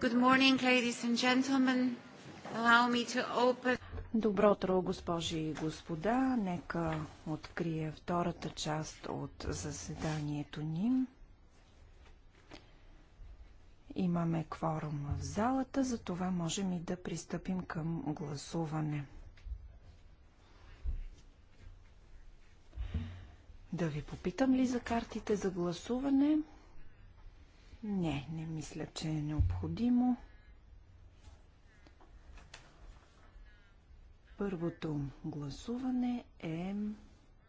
Good morning, ladies and gentlemen. Allow me to open... Добро утро, госпожи и господа. Нека открия втората част от заседанието ни. Имаме кворум в залата, за това можем и да пристъпим към гласуване. Да ви попитам ли за картите за гласуване? Не, не мисля, че е необходимо. Първото гласуване е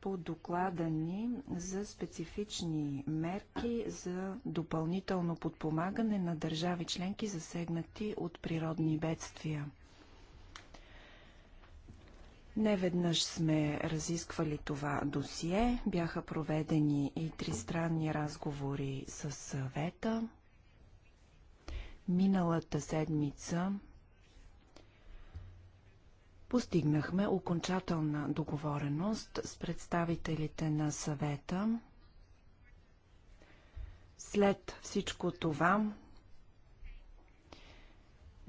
по доклада ни за специфични мерки за допълнително подпомагане на държави членки, засегнати от природни бедствия. Неведнъж сме разисквали това досие. Бяха проведени и тристранни разговори с съвета. Миналата седмица постигнахме окончателна договореност с представителите на съвета. След всичко това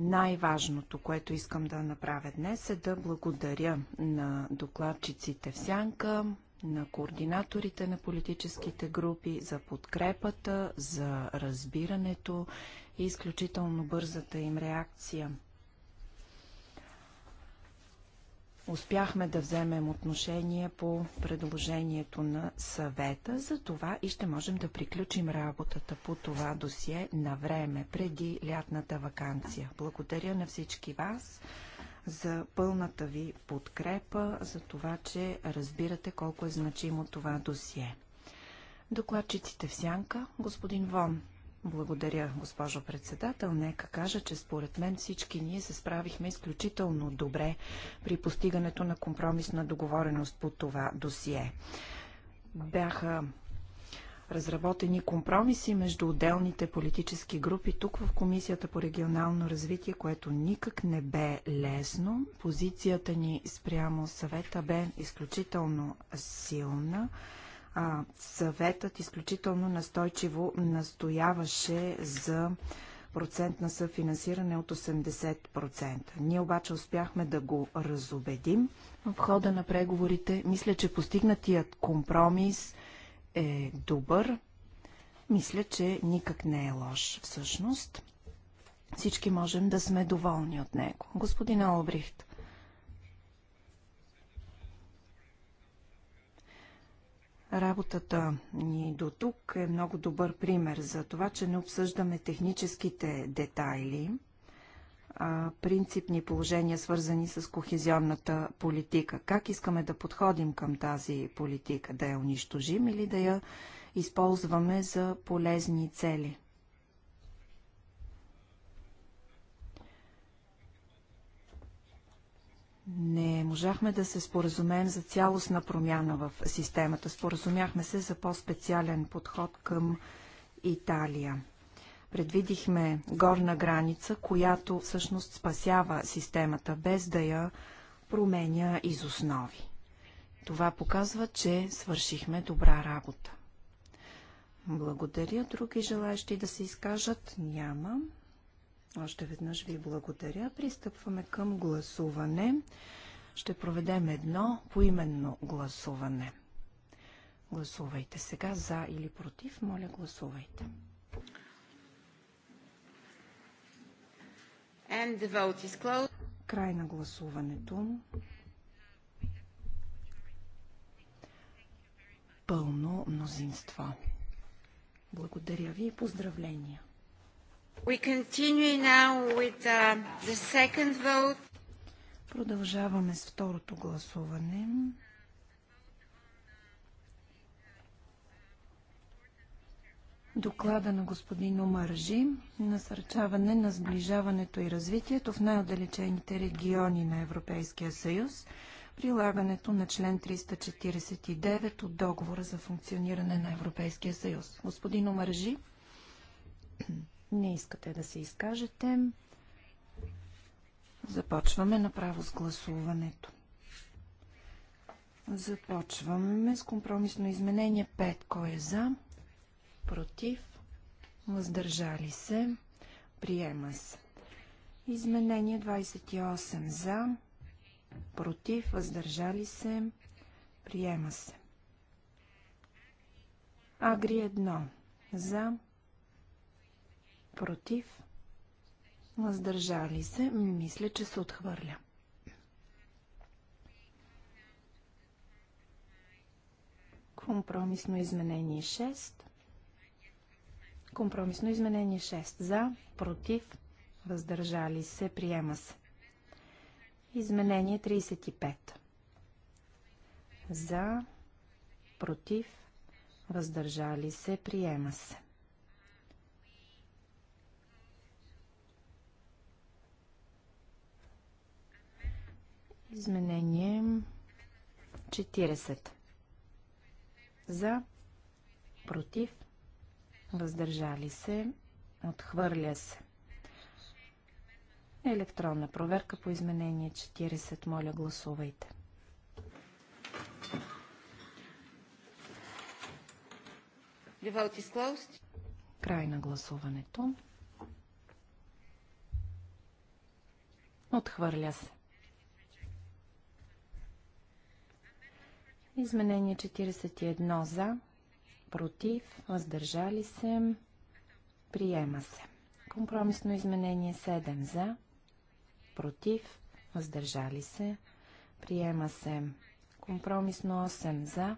най-важното, което искам да направя днес е да благодаря на докладчиците в Сянка, на координаторите на политическите групи за подкрепата, за разбирането и изключително бързата им реакция. Успяхме да вземем отношение по предложението на съвета, за това и ще можем да приключим работата по това досие на време, преди лятната вакансия. Благодаря на всички вас за пълната ви подкрепа, за това, че разбирате колко е значимо това досие. Докладчиците в сянка, господин Вон. Благодаря, госпожо председател. Нека кажа, че според мен всички ние се справихме изключително добре при постигането на компромисна договореност по това досие. Бяха разработени компромиси между отделните политически групи тук в Комисията по регионално развитие, което никак не бе лесно. Позицията ни спрямо съвета бе изключително силна. А, съветът изключително настойчиво настояваше за процент на съфинансиране от 80%. Ние обаче успяхме да го разобедим. В хода на преговорите мисля, че постигнатият компромис е добър. Мисля, че никак не е лош всъщност. Всички можем да сме доволни от него. Господин Олбрихт, Работата ни до тук е много добър пример за това, че не обсъждаме техническите детайли, а принципни положения, свързани с кохезионната политика. Как искаме да подходим към тази политика? Да я унищожим или да я използваме за полезни цели? не можахме да се споразумеем за цялостна промяна в системата. Споразумяхме се за по-специален подход към Италия. Предвидихме горна граница, която всъщност спасява системата, без да я променя из основи. Това показва, че свършихме добра работа. Благодаря. Други желаящи да се изкажат няма. Още веднъж ви благодаря. Пристъпваме към гласуване. Ще проведем едно поименно гласуване. Гласувайте сега за или против. Моля, гласувайте. And the vote is closed. Край на гласуването. Пълно мнозинство. Благодаря ви и поздравления. We continue now with uh, the, second vote. Продължаваме с второто гласуване. Доклада на господин Омаржи насърчаване на сближаването и развитието в най-отдалечените региони на Европейския съюз, прилагането на член 349 от договора за функциониране на Европейския съюз. Господин Омаржи. Не искате да се изкажете. Започваме направо с гласуването. Започваме с компромисно изменение 5. Кой е за? Против? Въздържали се? Приема се. Изменение 28 за, против, въздържали се, приема се. Агри 1 за, против, въздържали се, мисля, че се отхвърля. Компромисно изменение 6. Компромисно изменение 6. За, против, въздържали се, приема се. Изменение 35. За, против, въздържали се, приема се. Изменение 40. За, против, въздържали се, отхвърля се. Електронна проверка по изменение 40. Моля, гласувайте. Край на гласуването. Отхвърля се. Изменение 41 за, против, въздържали се, приема се. Компромисно изменение 7 за, против, въздържали се, приема се. Компромисно 8 за,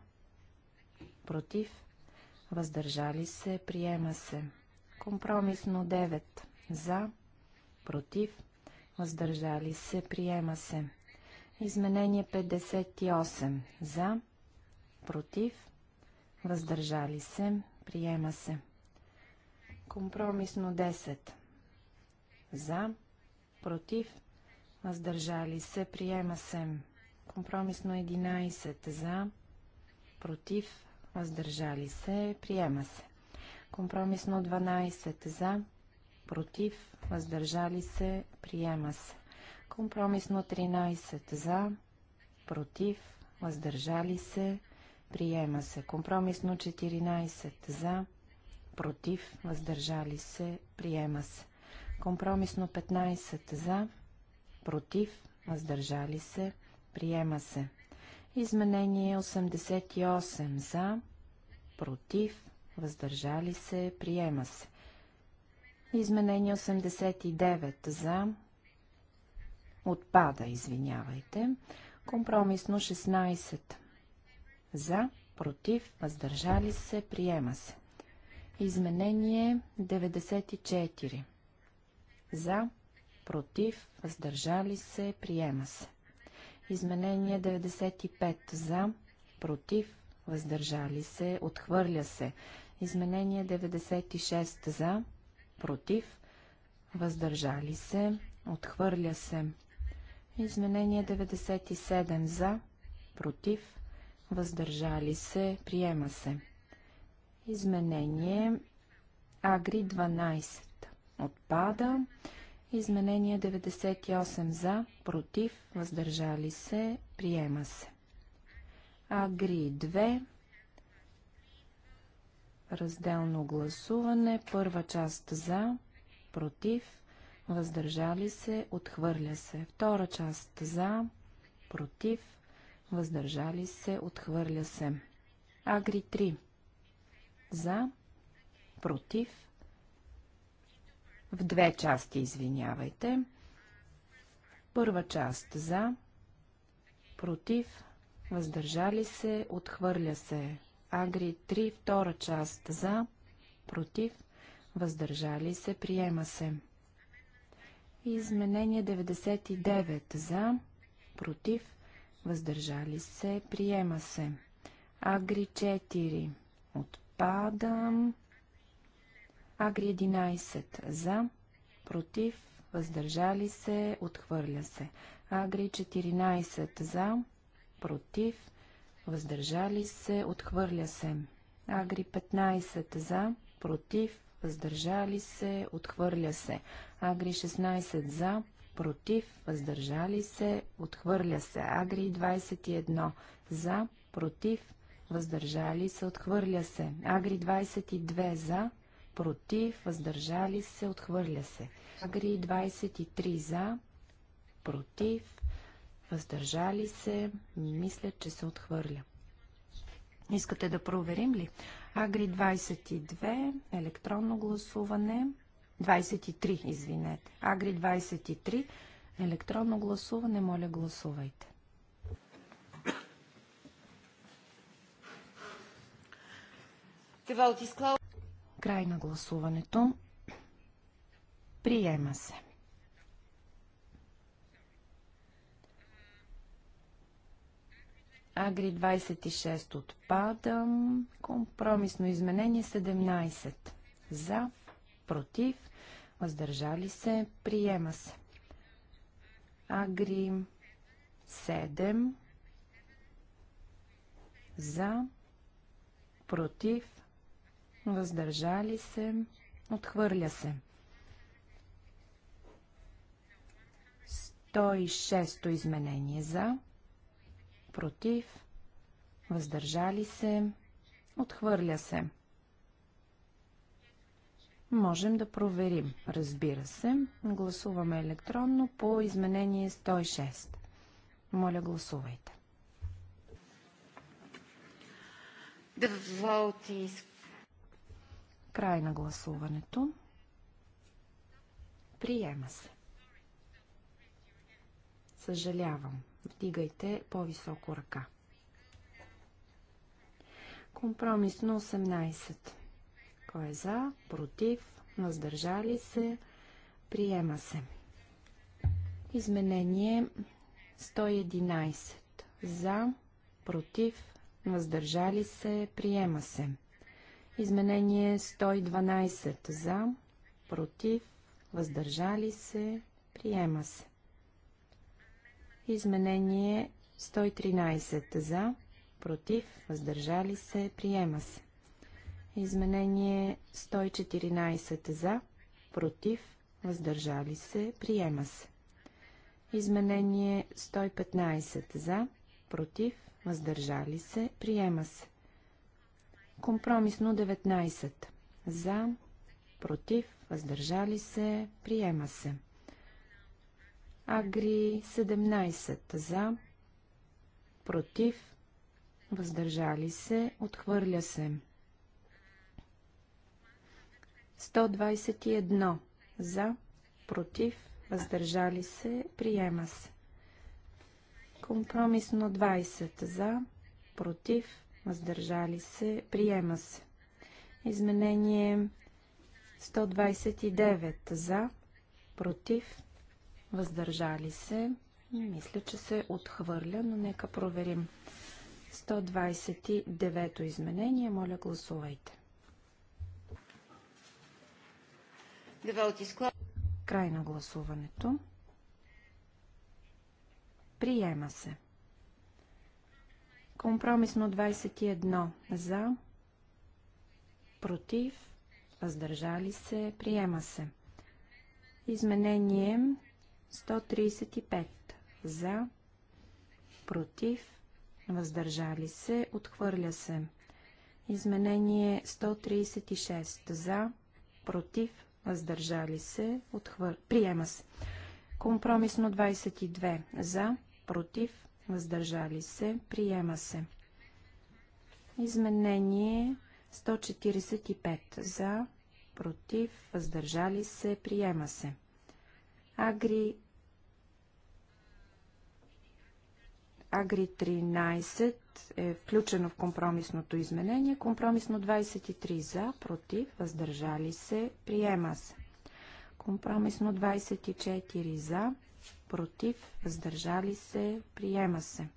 против, въздържали се, приема се. Компромисно 9 за, против, въздържали се, приема се. Изменение 58. За. Против. Въздържали се. Приема се. Компромисно 10. За. Против. Въздържали се. Приема се. Компромисно 11. За. Против. Въздържали се. Приема се. Компромисно 12. За. Против. Въздържали се. Приема се. Компромисно 13 за, против, въздържали се, приема се. Компромисно 14 за, против, въздържали се, приема се. Компромисно 15 за, против, въздържали се, приема се. Изменение 88 за, против, въздържали се, приема се. Изменение 89 за, Отпада, извинявайте. Компромисно 16. За, против, въздържали се, приема се. Изменение 94. За, против, въздържали се, приема се. Изменение 95. За, против, въздържали се, отхвърля се. Изменение 96. За, против, въздържали се, отхвърля се. Изменение 97 за, против, въздържали се, приема се. Изменение Агри 12 отпада. Изменение 98 за, против, въздържали се, приема се. Агри 2 разделно гласуване, първа част за, против, въздържали се, отхвърля се. Втора част за, против, въздържали се, отхвърля се. Агри 3. За, против, в две части, извинявайте. Първа част за, против, въздържали се, отхвърля се. Агри 3, втора част за, против, въздържали се, приема се. Изменение 99 за, против, въздържали се, приема се. Агри 4 отпадам. Агри 11 за, против, въздържали се, отхвърля се. Агри 14 за, против, въздържали се, отхвърля се. Агри 15 за, против, въздържали се, отхвърля се. Агри 16 за, против, въздържали се, отхвърля се. Агри 21 за, против, въздържали се, отхвърля се. Агри 22 за, против, въздържали се, отхвърля се. Агри 23 за, против, въздържали се, мисля, че се отхвърля. Искате да проверим ли? Агри 22, електронно гласуване. 23, извинете. Агри 23. Електронно гласуване. Моля, гласувайте. Край на гласуването. Приема се. Агри 26 отпадам. Компромисно изменение 17. За против, въздържали се, приема се. Агри 7 за, против, въздържали се, отхвърля се. 106-то изменение за, против, въздържали се, отхвърля се. Можем да проверим, разбира се. Гласуваме електронно по изменение 106. Моля, гласувайте. Край на гласуването. Приема се. Съжалявам. Вдигайте по-високо ръка. Компромисно 18. Кой е за? Против? Въздържали се? Приема се. Изменение 111. За? Против? Въздържали се? Приема се. Изменение 112. За? Против? Въздържали се? Приема се. Изменение 113 за, против, въздържали се, приема се. Изменение 114 за, против, въздържали се, приема се. Изменение 115 за, против, въздържали се, приема се. Компромисно 19 за, против, въздържали се, приема се. Агри 17 за, против, въздържали се, отхвърля се. 121 за, против, въздържали се, приема се. Компромисно 20 за, против, въздържали се, приема се. Изменение 129 за, против, въздържали се. Мисля, че се отхвърля, но нека проверим. 129 изменение, моля гласувайте. Край на гласуването. Приема се. Компромисно 21 за, против, въздържали се, приема се. Изменение 135 за, против, въздържали се, отхвърля се. Изменение 136 за, против, въздържали се, отхвър... приема се. Компромисно 22 за, против, въздържали се, приема се. Изменение 145 за, против, въздържали се, приема се. Агри Агри 13 е включено в компромисното изменение. Компромисно 23 за, против, въздържали се, приема се. Компромисно 24 за, против, въздържали се, приема се.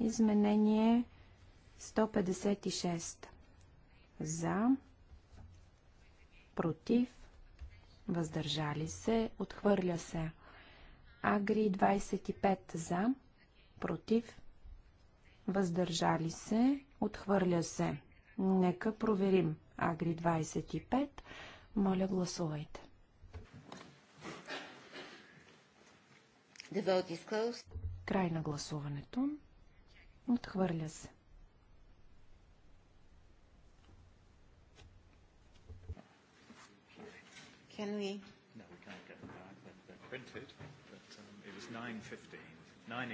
Изменение 156 за, против, въздържали се, отхвърля се. Агри 25 за, против, въздържали се, отхвърля се. Нека проверим. Агри 25. Моля, гласувайте. The vote is closed. Край на гласуването. Отхвърля се. Can we? No, we can't get back. They're printed, but um, it was 9.15. 9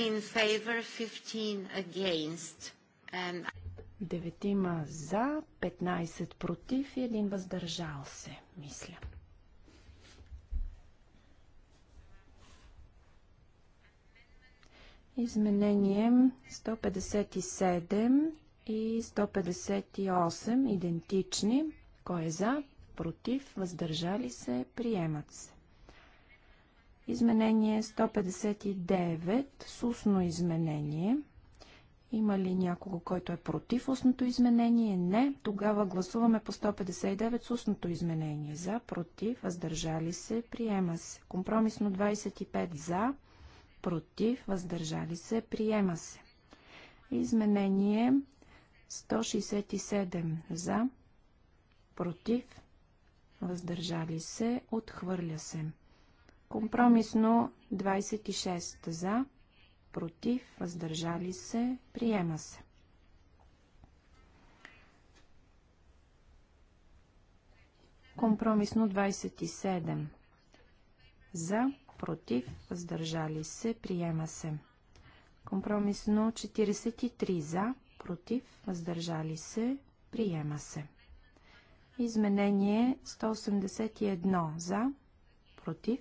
in favor, 15, against. And... Деветима за, 15 против и един въздържал се, мисля. Изменение 157 и 158 идентични. Кой е за? Против? Въздържали се? Приемат се. Изменение 159 с устно изменение. Има ли някого, който е против устното изменение? Не. Тогава гласуваме по 159 с устното изменение. За, против, въздържали се, приема се. Компромисно 25 за, против, въздържали се, приема се. Изменение 167 за, против, въздържали се, отхвърля се. Компромисно 26 за, против, въздържали се, приема се. Компромисно 27 за, против, въздържали се, приема се. Компромисно 43 за, против, въздържали се, приема се. Изменение 181 за, против,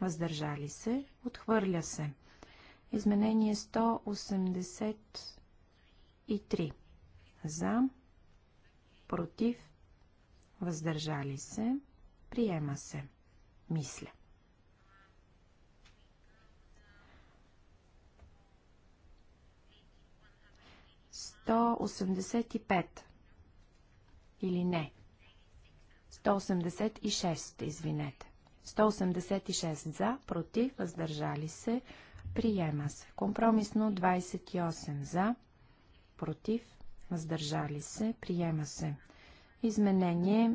въздържали се, отхвърля се. Изменение 183 за, против, въздържали се, приема се, мисля. Сто осемдесет и пет или не? Сто осемдесет и шест, извинете. 186 за, против, въздържали се, приема се. Компромисно 28 за, против, въздържали се, приема се. Изменение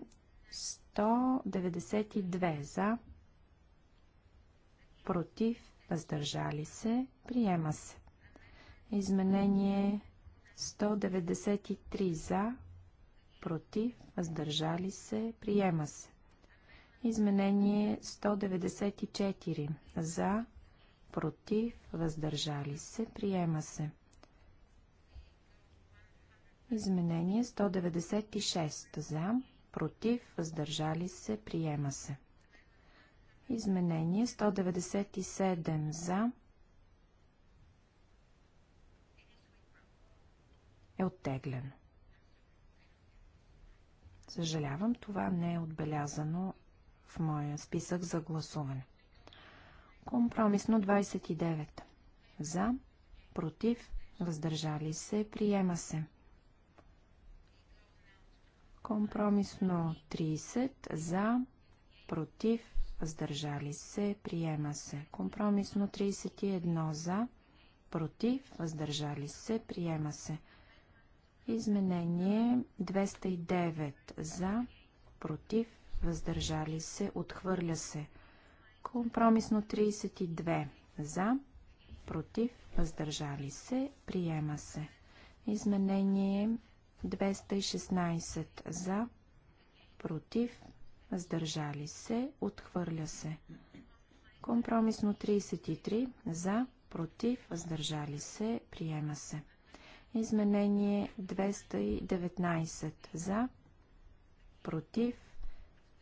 192 за, против, въздържали се, приема се. Изменение 193 за, против, въздържали се, приема се. Изменение 194. За, против, въздържали се, приема се. Изменение 196. За, против, въздържали се, приема се. Изменение 197. За, е оттеглен. Съжалявам, това не е отбелязано в моя списък за гласуване. Компромисно 29. За, против, въздържали се, приема се. Компромисно 30. За, против, въздържали се, приема се. Компромисно 31. За, против, въздържали се, приема се. Изменение 209. За, против, въздържали се, отхвърля се. Компромисно 32 за, против, въздържали се, приема се. Изменение 216 за, против, въздържали се, отхвърля се. Компромисно 33 за, против, въздържали се, приема се. Изменение 219 за, против,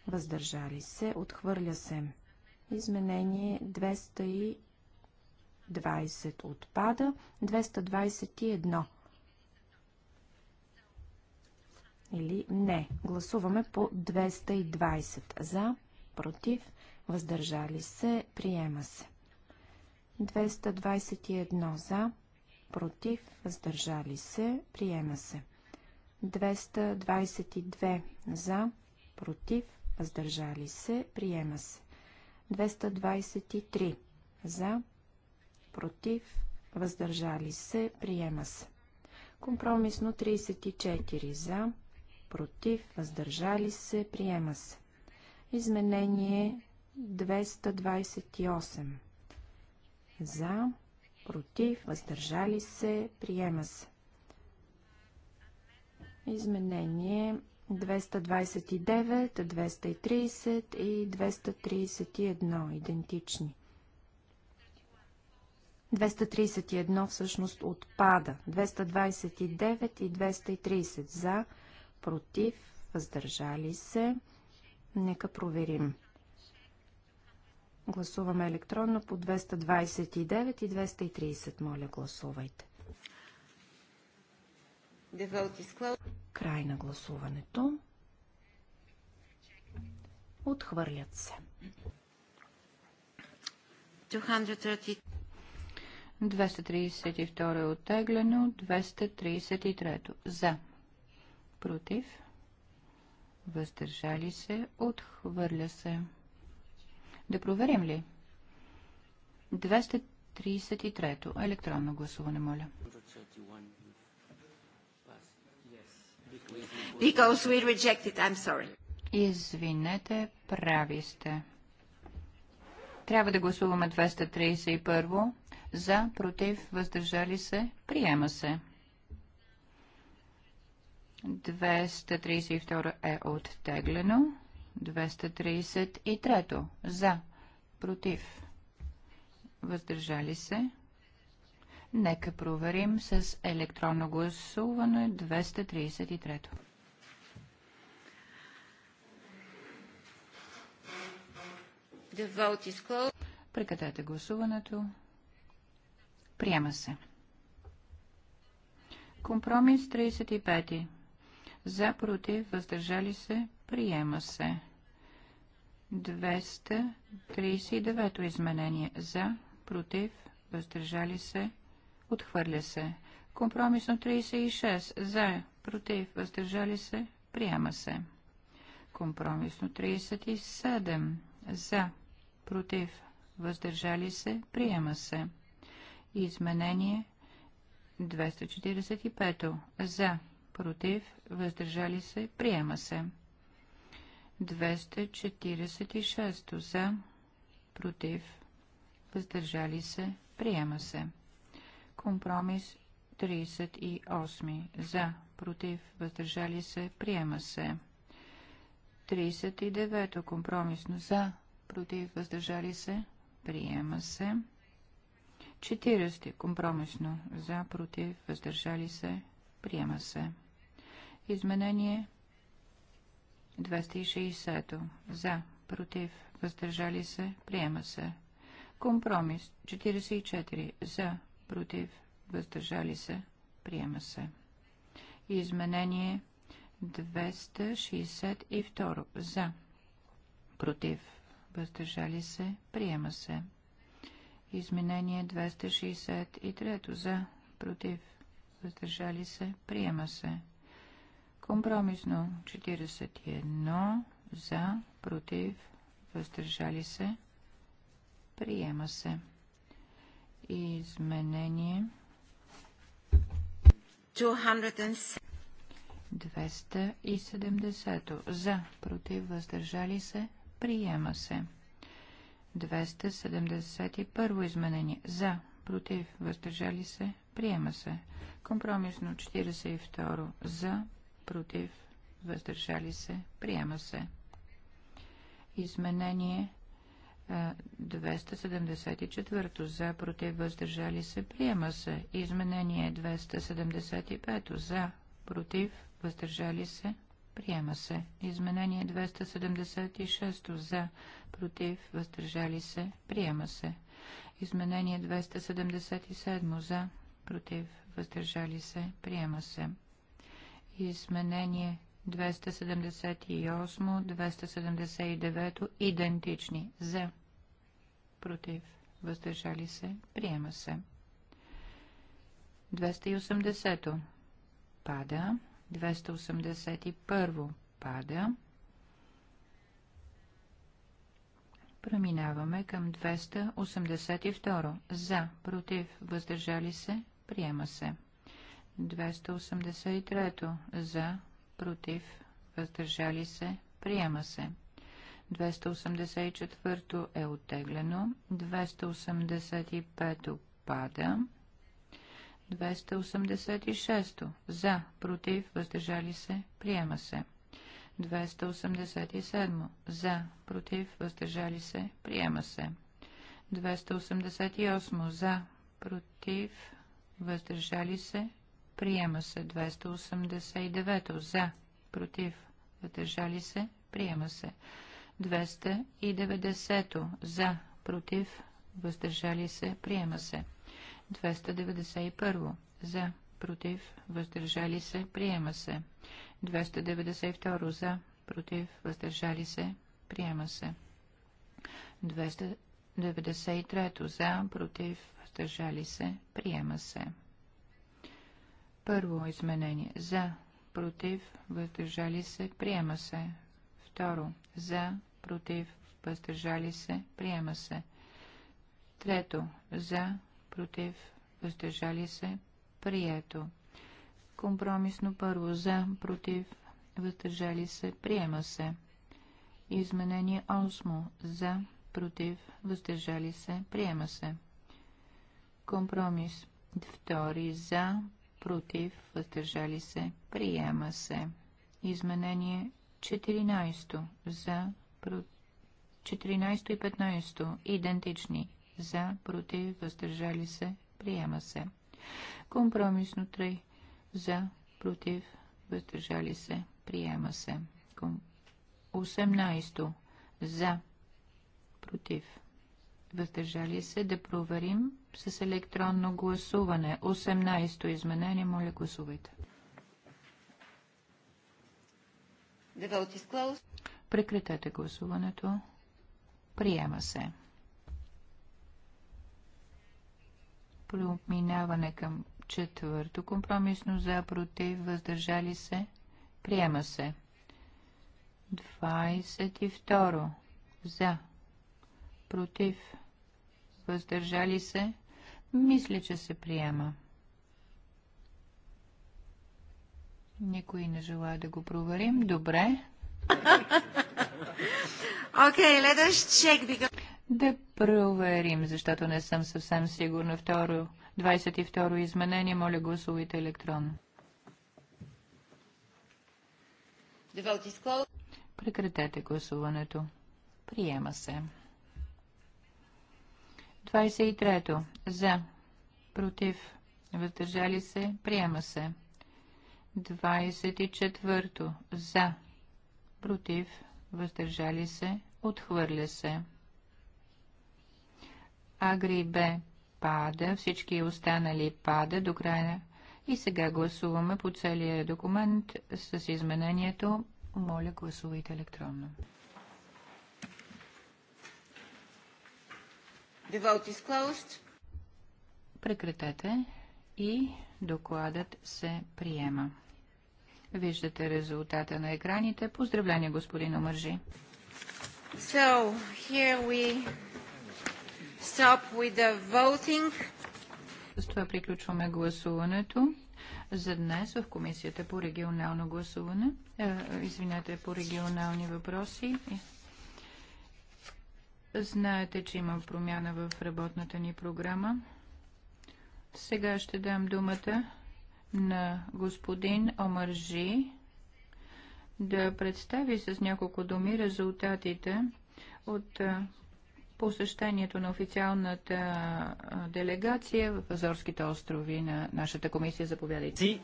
въздържали се, отхвърля се. Изменение 220 отпада, 221 или не. Гласуваме по 220 за, против, въздържали се, приема се. 221 за, против, въздържали се, приема се. 222 за, против, въздържали се, приема се. 223 за, против, въздържали се, приема се. Компромисно 34 за, против, въздържали се, приема се. Изменение 228 за, против, въздържали се, приема се. Изменение 229, 230 и 231 идентични. 231 всъщност отпада. 229 и 230 за, против, въздържали се. Нека проверим. Гласуваме електронно по 229 и 230. Моля, гласувайте. Край на гласуването. Отхвърлят се. 232 е оттеглено, 233 за. Против. Въздържали се, отхвърля се. Да проверим ли? 233 електронно гласуване, моля. Because we I'm sorry. Извинете, прави сте. Трябва да гласуваме 231. За, против, въздържали се, приема се. 232 е оттеглено. 233 за, против, въздържали се, Нека проверим с електронно гласуване 233. Прекратете гласуването. Приема се. Компромис 35. За, против, въздържали се, приема се. 239 изменение. За, против, въздържали се, Отхвърля се. Компромисно 36. За. Против. Въздържали се. Приема се. Компромисно 37. За. Против. Въздържали се. Приема се. Изменение 245. За. Против. Въздържали се. Приема се. 246. За. Против. Въздържали се. Приема се. Компромис 38. За, против, въздържали се, приема се. 39. Компромисно за, против, въздържали се, приема се. 40. Компромисно за, против, въздържали се, приема се. Изменение 260. За, против, въздържали се, приема се. Компромис 44. За, против, въздържали се, приема се. Изменение 262 за, против, въздържали се, приема се. Изменение 263 за, против, въздържали се, приема се. Компромисно 41 за, против, въздържали се, приема се. Изменение 270. За, против, въздържали се, приема се. 271 изменение. За, против, въздържали се, приема се. Компромисно 42. За, против, въздържали се, приема се. Изменение 274 за, против, въздържали се, приема се. Изменение 275 за, против, въздържали се, приема се. Изменение 276 за, против, въздържали се, приема се. Изменение 277 за, против, въздържали се, приема се. Изменение 278, 279 идентични за против, въздържали се, приема се. 280 пада, 281 пада. Преминаваме към 282. За, против, въздържали се, приема се. 283. За, против, въздържали се, приема се. 284 е оттеглено, 285 пада, 286 за, против, въздържали се, приема се. 287 за, против, въздържали се, приема се. 288 за, против, въздържали се, приема се. 289 за, против, въздържали се, приема се. 290 за, против, въздържали се, приема се. 291 за, против, въздържали се, приема се. 292 за, против, въздържали се, приема се. 293 за, против, въздържали се, приема се. Първо изменение за, против, въздържали се, приема се. Второ за, против, въздържали се, приема се. Трето, за, против, въздържали се, прието. Компромисно първо, за, против, въздържали се, приема се. Изменение 8. За, против, въздържали се, приема се. Компромис втори за, против, въздържали се, приема се. Изменение 14. За, 14 и 15 идентични за, против, въздържали се, приема се. Компромисно 3 за, против, въздържали се, приема се. 18 за, против, въздържали се, да проверим с електронно гласуване. 18 изменение, моля гласувайте. The vote Прекратете гласуването. Приема се. Проминаване към четвърто компромисно за против, въздържали се. Приема се. 22. За. Против. Въздържали се. Мисля, че се приема. Никой не желая да го проверим. Добре. Okay, let us check because... Да проверим, защото не съм съвсем сигурна. Второ, 22 изменение, моля гласувайте електронно. Прекратете гласуването. Приема се. 23. За. Против. Въздържали се. Приема се. 24. За. Против. Въздържали се. Отхвърля се. Агри Б пада, всички останали пада до края. И сега гласуваме по целия документ с изменението. Моля, гласувайте електронно. The vote is closed. Прекратете и докладът се приема. Виждате резултата на екраните. Поздравление, господин Омържи. So here we stop with the voting. С това приключваме гласуването за днес в Комисията по регионално гласуване. Е, извинете, по регионални въпроси. Знаете, че има промяна в работната ни програма. Сега ще дам думата на господин Омаржи да представи с няколко думи резултатите от посещението на официалната делегация в Азорските острови на нашата комисия. Заповядайте.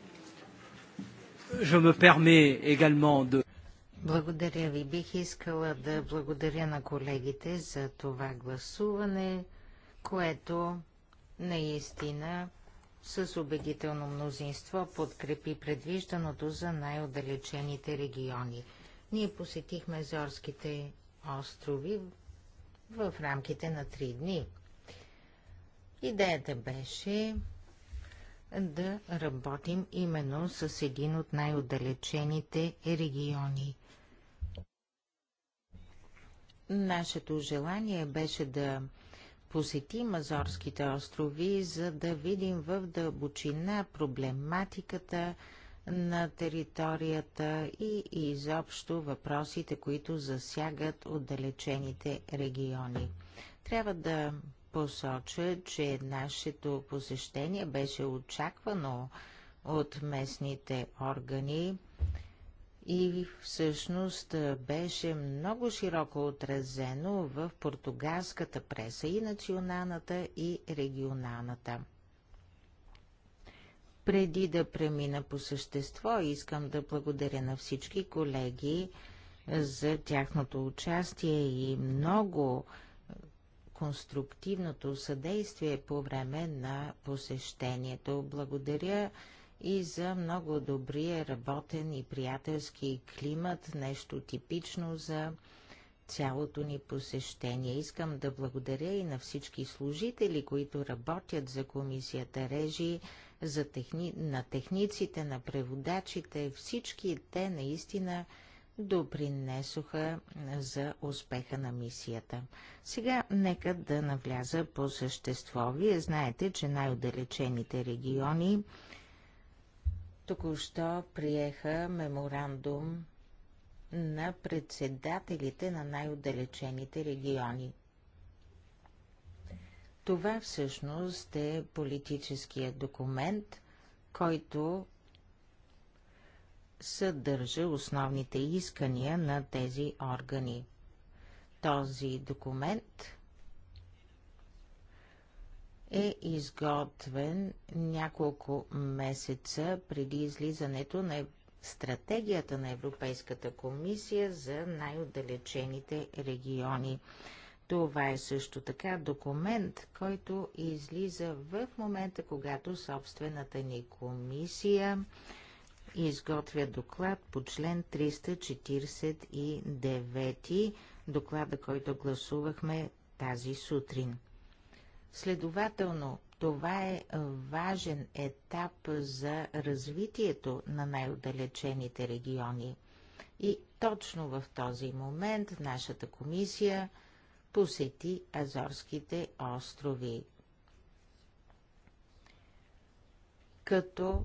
Благодаря ви. Бих искала да благодаря на колегите за това гласуване, което наистина с убедително мнозинство подкрепи предвижданото за най-отдалечените региони. Ние посетихме Зорските острови в рамките на три дни. Идеята беше да работим именно с един от най-отдалечените региони. Нашето желание беше да посети Мазорските острови, за да видим в дълбочина проблематиката на територията и изобщо въпросите, които засягат отдалечените региони. Трябва да посоча, че нашето посещение беше очаквано от местните органи и всъщност беше много широко отразено в португалската преса и националната и регионалната. Преди да премина по същество, искам да благодаря на всички колеги за тяхното участие и много конструктивното съдействие по време на посещението. Благодаря и за много добрия работен и приятелски климат, нещо типично за цялото ни посещение. Искам да благодаря и на всички служители, които работят за комисията Режи, за техни... на техниците, на преводачите. Всички те наистина допринесоха за успеха на мисията. Сега нека да навляза по същество. Вие знаете, че най-отдалечените региони току-що приеха меморандум на председателите на най-отдалечените региони. Това всъщност е политическият документ, който съдържа основните искания на тези органи. Този документ е изготвен няколко месеца преди излизането на стратегията на Европейската комисия за най-отдалечените региони. Това е също така документ, който излиза в момента, когато собствената ни комисия изготвя доклад по член 349, доклада, който гласувахме тази сутрин. Следователно, това е важен етап за развитието на най-отдалечените региони. И точно в този момент нашата комисия посети Азорските острови. Като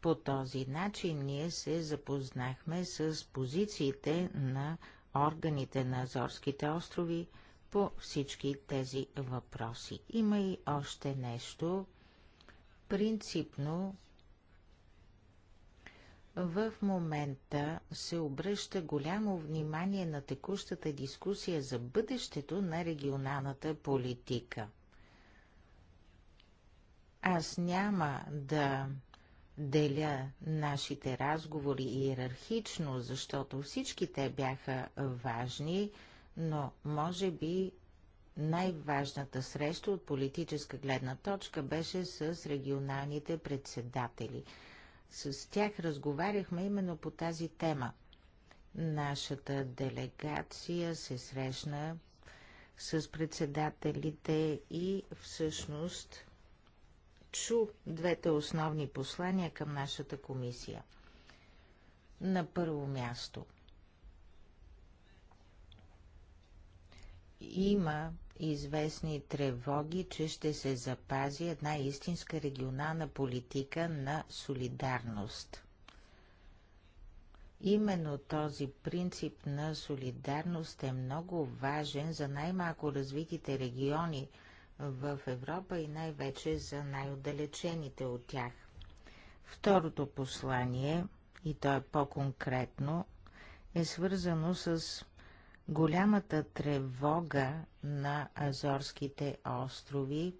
по този начин ние се запознахме с позициите на органите на Азорските острови – по всички тези въпроси. Има и още нещо. Принципно в момента се обръща голямо внимание на текущата дискусия за бъдещето на регионалната политика. Аз няма да деля нашите разговори иерархично, защото всички те бяха важни, но може би най-важната среща от политическа гледна точка беше с регионалните председатели. С тях разговаряхме именно по тази тема. Нашата делегация се срещна с председателите и всъщност чу двете основни послания към нашата комисия. На първо място – има известни тревоги, че ще се запази една истинска регионална политика на солидарност. Именно този принцип на солидарност е много важен за най-малко развитите региони в Европа и най-вече за най-отдалечените от тях. Второто послание, и то е по-конкретно, е свързано с Голямата тревога на Азорските острови,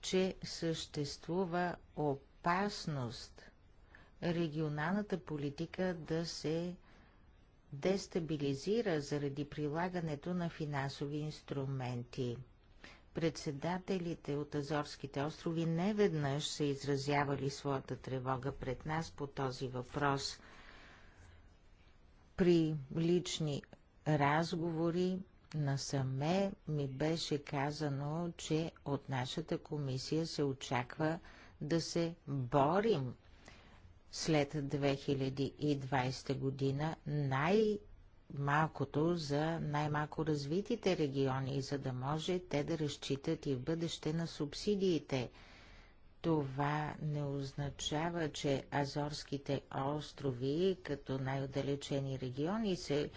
че съществува опасност регионалната политика да се дестабилизира заради прилагането на финансови инструменти. Председателите от Азорските острови неведнъж са изразявали своята тревога пред нас по този въпрос. При лични разговори насаме ми беше казано, че от нашата комисия се очаква да се борим след 2020 година най-малкото за най-малко развитите региони, за да може те да разчитат и в бъдеще на субсидиите. Това не означава, че Азорските острови, като най-отдалечени региони, се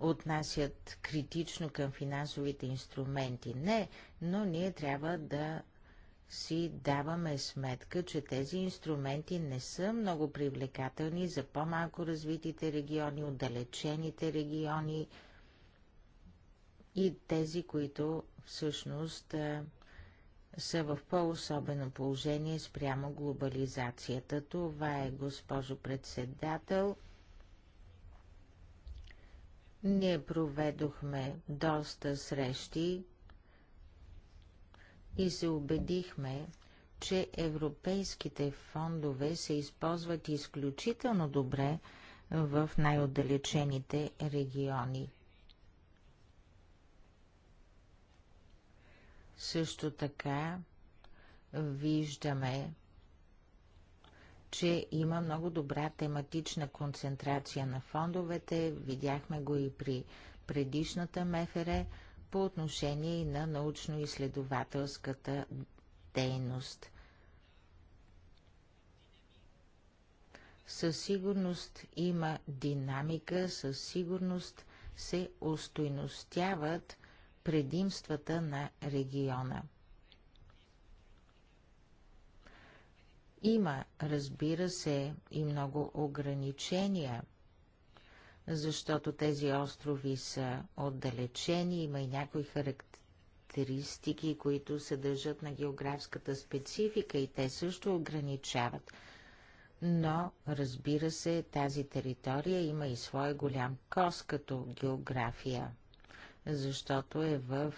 отнасят критично към финансовите инструменти. Не, но ние трябва да си даваме сметка, че тези инструменти не са много привлекателни за по-малко развитите региони, отдалечените региони и тези, които всъщност са в по-особено положение спрямо глобализацията. Това е, госпожо председател. Ние проведохме доста срещи и се убедихме, че европейските фондове се използват изключително добре в най-отдалечените региони. Също така виждаме, че има много добра тематична концентрация на фондовете. Видяхме го и при предишната МФР по отношение и на научно-изследователската дейност. Със сигурност има динамика, със сигурност се устойностяват предимствата на региона – Има, разбира се, и много ограничения, защото тези острови са отдалечени, има и някои характеристики, които се държат на географската специфика и те също ограничават. Но, разбира се, тази територия има и свой голям кос като география, защото е в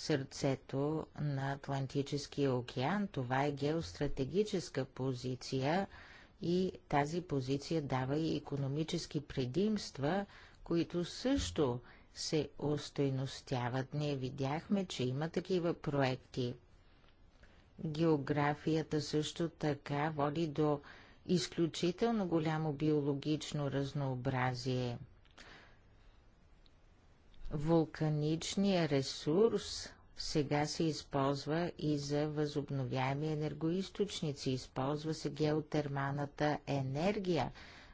сърцето на Атлантическия океан. Това е геостратегическа позиция и тази позиция дава и економически предимства, които също се устойностяват. Ние видяхме, че има такива проекти. Географията също така води до изключително голямо биологично разнообразие – Вулканичния ресурс сега се използва и за възобновяеми енергоисточници. Използва се геотермалната енергия,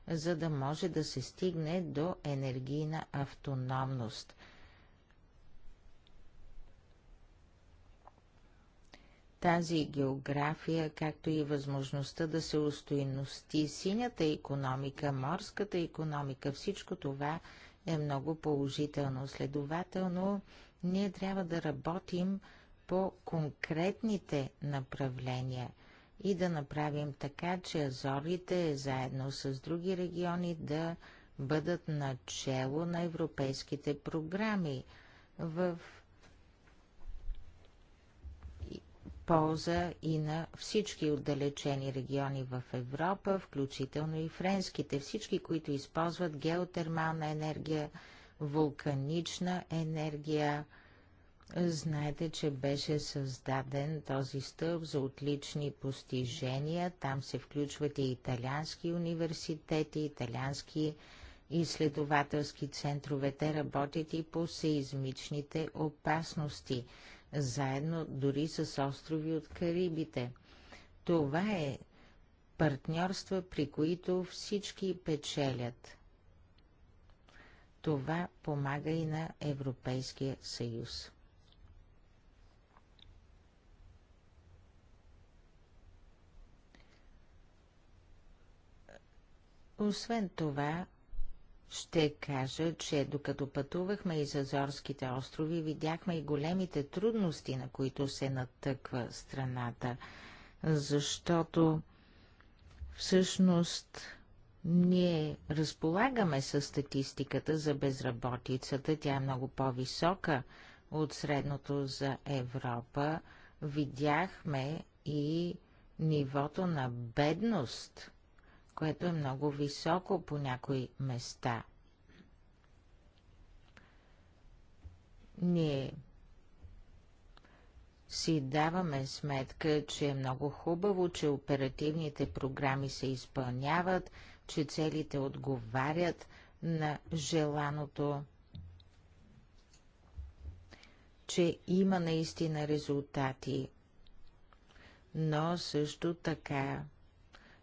за да може да се стигне до енергийна автономност. Тази география, както и възможността да се устойности синята економика, морската економика, всичко това – е много положително. Следователно, ние трябва да работим по конкретните направления и да направим така, че Азорите, заедно с други региони, да бъдат начало на европейските програми. В полза и на всички отдалечени региони в Европа, включително и френските, всички, които използват геотермална енергия, вулканична енергия. Знаете, че беше създаден този стълб за отлични постижения. Там се включват и италиански университети, италиански изследователски центрове. Те работят и по сеизмичните опасности заедно дори с острови от Карибите. Това е партньорства, при които всички печелят. Това помага и на Европейския съюз. Освен това, ще кажа, че докато пътувахме из Азорските острови, видяхме и големите трудности, на които се натъква страната, защото всъщност ние разполагаме с статистиката за безработицата, тя е много по-висока от средното за Европа. Видяхме и нивото на бедност което е много високо по някои места. Ние си даваме сметка, че е много хубаво, че оперативните програми се изпълняват, че целите отговарят на желаното, че има наистина резултати, но също така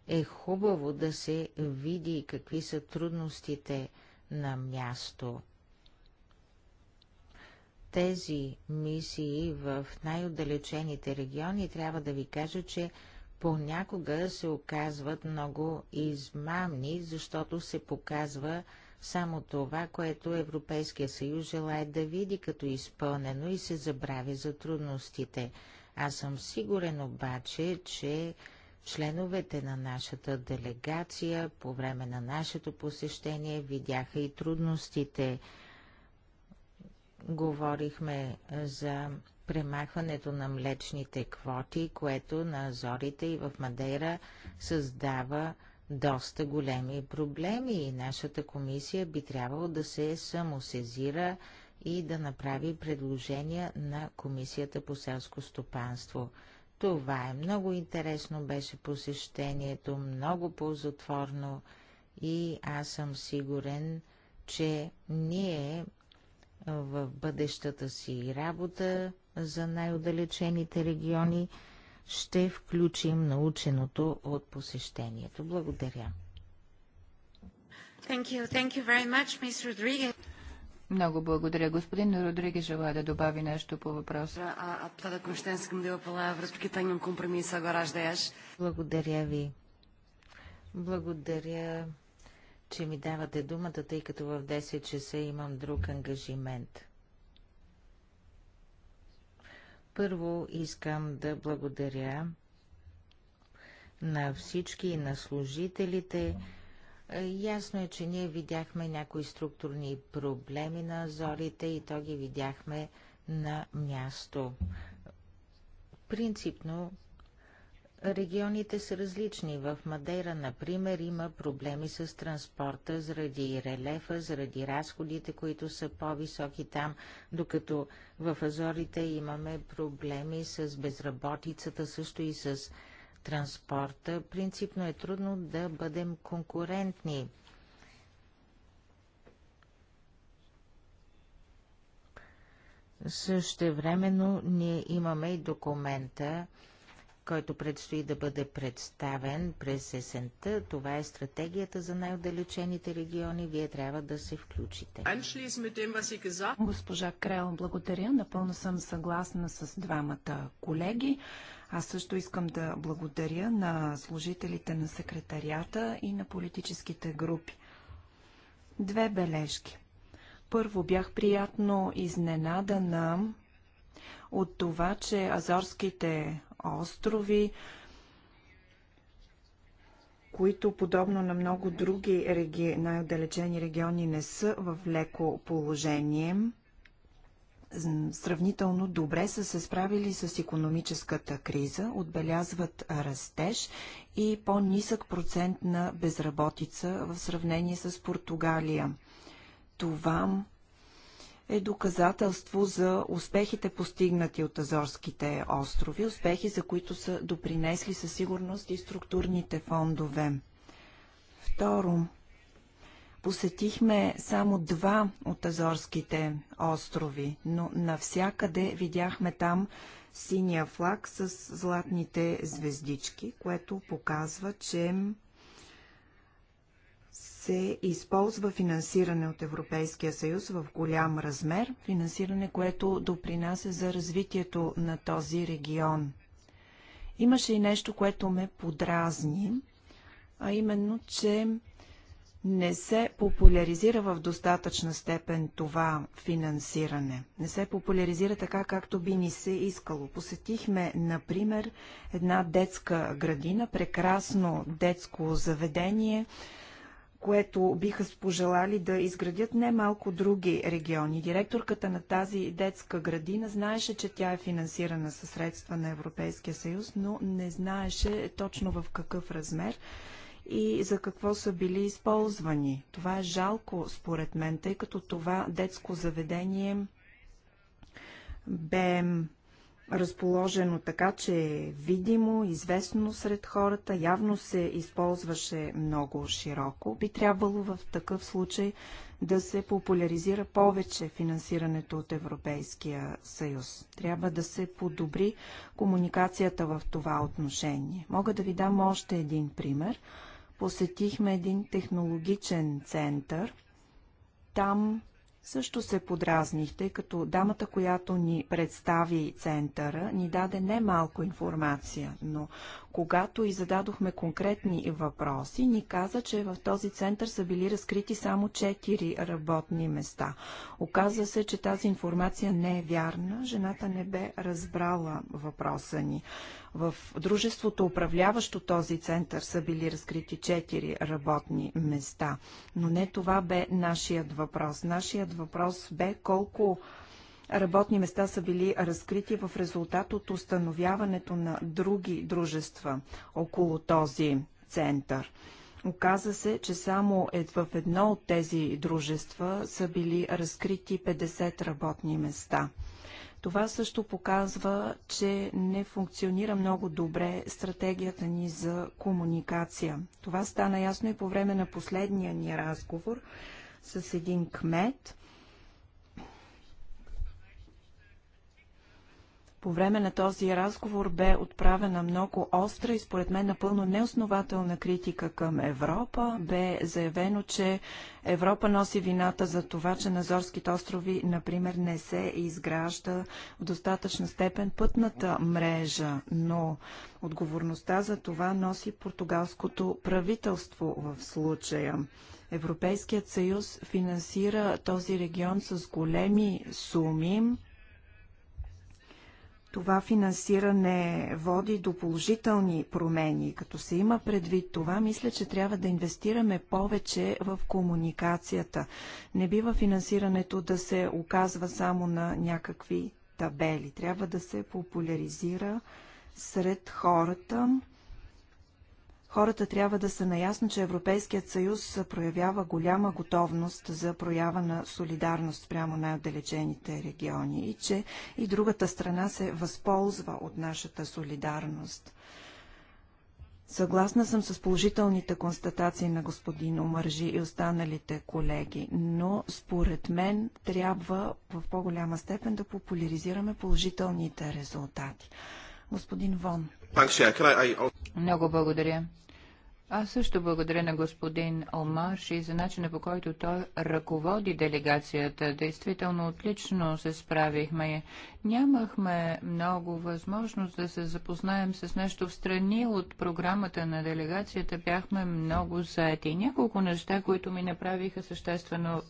е хубаво да се види какви са трудностите на място. Тези мисии в най-отдалечените региони трябва да ви кажа, че понякога се оказват много измамни, защото се показва само това, което Европейския съюз желая да види като изпълнено и се забрави за трудностите. Аз съм сигурен обаче, че Членовете на нашата делегация по време на нашето посещение видяха и трудностите. Говорихме за премахването на млечните квоти, което на Азорите и в Мадейра създава доста големи проблеми и нашата комисия би трябвало да се самосезира и да направи предложения на Комисията по селско стопанство – това е много интересно, беше посещението, много ползотворно и аз съм сигурен, че ние в бъдещата си работа за най-отдалечените региони ще включим наученото от посещението. Благодаря. Thank you. Thank you much, много благодаря. Господин Родриге желая да добави нещо по въпроса. А, Благодаря ви. Благодаря, че ми давате думата, тъй като в 10 часа имам друг ангажимент. Първо искам да благодаря на всички и на служителите, Ясно е, че ние видяхме някои структурни проблеми на Азорите и то ги видяхме на място. Принципно регионите са различни. В Мадейра, например, има проблеми с транспорта заради релефа, заради разходите, които са по-високи там, докато в Азорите имаме проблеми с безработицата, също и с транспорта, принципно е трудно да бъдем конкурентни. Също времено ние имаме и документа, който предстои да бъде представен през есента. Това е стратегията за най-отдалечените региони. Вие трябва да се включите. Госпожа Крел, благодаря. Напълно съм съгласна с двамата колеги. Аз също искам да благодаря на служителите на секретарията и на политическите групи. Две бележки. Първо, бях приятно изненадана от това, че Азорските острови, които подобно на много други реги... най-отдалечени региони не са в леко положение, сравнително добре са се справили с економическата криза, отбелязват растеж и по-нисък процент на безработица в сравнение с Португалия. Това е доказателство за успехите постигнати от Азорските острови, успехи, за които са допринесли със сигурност и структурните фондове. Второ, Посетихме само два от Азорските острови, но навсякъде видяхме там синия флаг с златните звездички, което показва, че се използва финансиране от Европейския съюз в голям размер, финансиране, което допринася за развитието на този регион. Имаше и нещо, което ме подразни, а именно, че не се популяризира в достатъчна степен това финансиране. Не се популяризира така, както би ни се искало. Посетихме, например, една детска градина, прекрасно детско заведение, което биха пожелали да изградят немалко други региони. Директорката на тази детска градина знаеше, че тя е финансирана със средства на Европейския съюз, но не знаеше точно в какъв размер и за какво са били използвани. Това е жалко, според мен, тъй като това детско заведение бе разположено така, че е видимо, известно сред хората, явно се използваше много широко. Би трябвало в такъв случай да се популяризира повече финансирането от Европейския съюз. Трябва да се подобри комуникацията в това отношение. Мога да ви дам още един пример – посетихме един технологичен център. Там също се подразних, тъй като дамата, която ни представи центъра, ни даде немалко информация, но когато и зададохме конкретни въпроси, ни каза, че в този център са били разкрити само 4 работни места. Оказва се, че тази информация не е вярна. Жената не бе разбрала въпроса ни. В дружеството, управляващо този център, са били разкрити 4 работни места. Но не това бе нашият въпрос. Нашият въпрос бе колко работни места са били разкрити в резултат от установяването на други дружества около този център. Оказа се, че само в едно от тези дружества са били разкрити 50 работни места. Това също показва, че не функционира много добре стратегията ни за комуникация. Това стана ясно и по време на последния ни разговор с един кмет – По време на този разговор бе отправена много остра и според мен напълно неоснователна критика към Европа. Бе заявено, че Европа носи вината за това, че на Зорските острови, например, не се изгражда в достатъчна степен пътната мрежа, но отговорността за това носи португалското правителство в случая. Европейският съюз финансира този регион с големи суми, това финансиране води до положителни промени. Като се има предвид това, мисля, че трябва да инвестираме повече в комуникацията. Не бива финансирането да се оказва само на някакви табели. Трябва да се популяризира сред хората Хората трябва да са наясно, че Европейският съюз проявява голяма готовност за проява на солидарност прямо най-отдалечените региони и че и другата страна се възползва от нашата солидарност. Съгласна съм с положителните констатации на господин Омържи и останалите колеги, но според мен трябва в по-голяма степен да популяризираме положителните резултати. Господин Вон. Много благодаря. Аз също благодаря на господин Омаш и за начина по който той ръководи делегацията. Действително отлично се справихме. Нямахме много възможност да се запознаем с нещо в страни от програмата на делегацията. Бяхме много заети. Няколко неща, които ми направиха съществено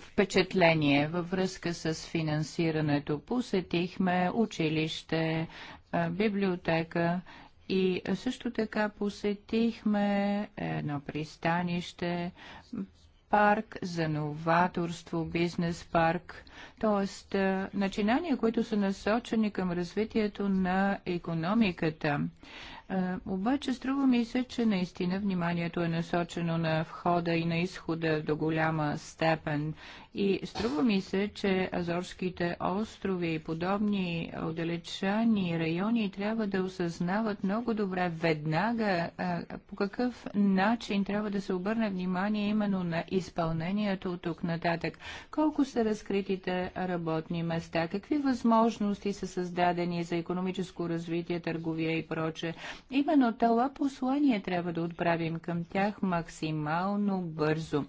впечатление във връзка с финансирането. Посетихме училище, библиотека и също така посетихме едно пристанище, парк за новаторство, бизнес парк, т.е. начинания, които са насочени към развитието на економиката. Обаче струва ми се, че наистина вниманието е насочено на входа и на изхода до голяма степен и струва ми се, че Азорските острови и подобни отдалечани райони трябва да осъзнават много добре веднага по какъв начин трябва да се обърне внимание именно на изпълнението от тук нататък. Колко са разкритите работни места, какви възможности са създадени за економическо развитие, търговия и проче. Именно това послание трябва да отправим към тях максимално бързо.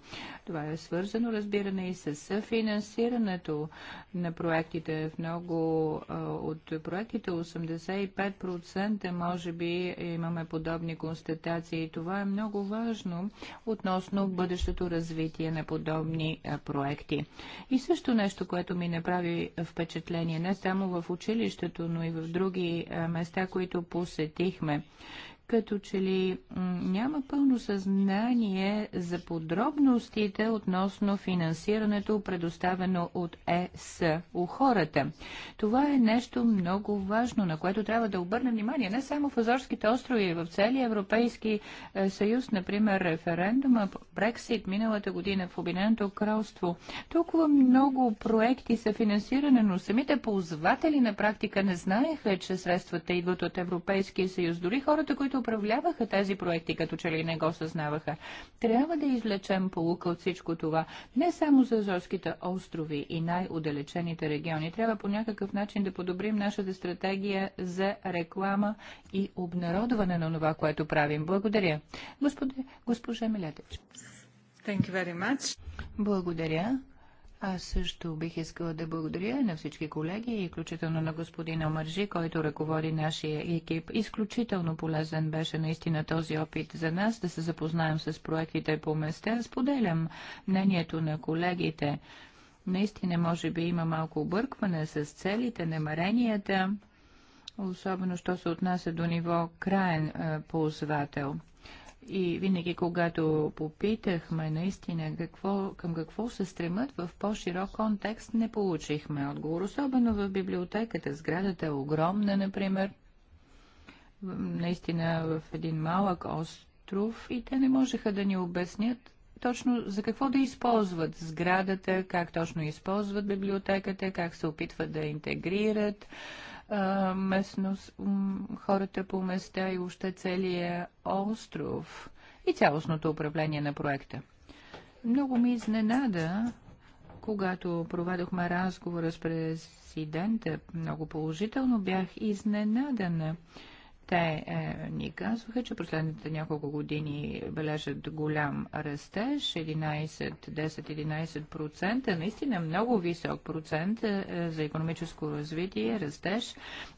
Това е свързано, разбиране, и с съфинансирането на проектите. В много от проектите 85% може би имаме подобни констатации това е много важно относно бъдещото развитие на подобни проекти. И също нещо, което ми направи впечатление не само в училището, но и в други места, които посетихме като че ли няма пълно съзнание за подробностите относно финансирането, предоставено от ЕС у хората. Това е нещо много важно, на което трябва да обърнем внимание. Не само в Азорските острови, в целия Европейски е, съюз, например, референдума Брексит миналата година в Обединеното кралство. Толкова много проекти са финансирани, но самите ползватели на практика не знаеха, че средствата идват от Европейския съюз. Дори хората, които които управляваха тези проекти, като че ли не го съзнаваха. Трябва да излечем полука от всичко това, не само за Азорските острови и най-удалечените региони. Трябва по някакъв начин да подобрим нашата стратегия за реклама и обнародване на това, което правим. Благодаря. Господи, госпожа Милетич. Благодаря. Аз също бих искала да благодаря на всички колеги, включително на господин Омържи, който ръководи нашия екип. Изключително полезен беше наистина този опит за нас да се запознаем с проектите по места. Споделям мнението на колегите. Наистина, може би има малко объркване с целите, намеренията, особено що се отнася до ниво краен ползвател. И винаги, когато попитахме наистина какво, към какво се стремат в по-широк контекст, не получихме отговор. Особено в библиотеката. Сградата е огромна, например. Наистина в един малък остров и те не можеха да ни обяснят точно за какво да използват сградата, как точно използват библиотеката, как се опитват да интегрират местност, хората по места и още целият остров и цялостното управление на проекта. Много ми изненада, когато проведохме разговора с президента, много положително бях изненадана. Те е, ни казваха, че последните няколко години бележат голям растеж 11-10-11%. Наистина много висок процент е, за економическо развитие, растеж.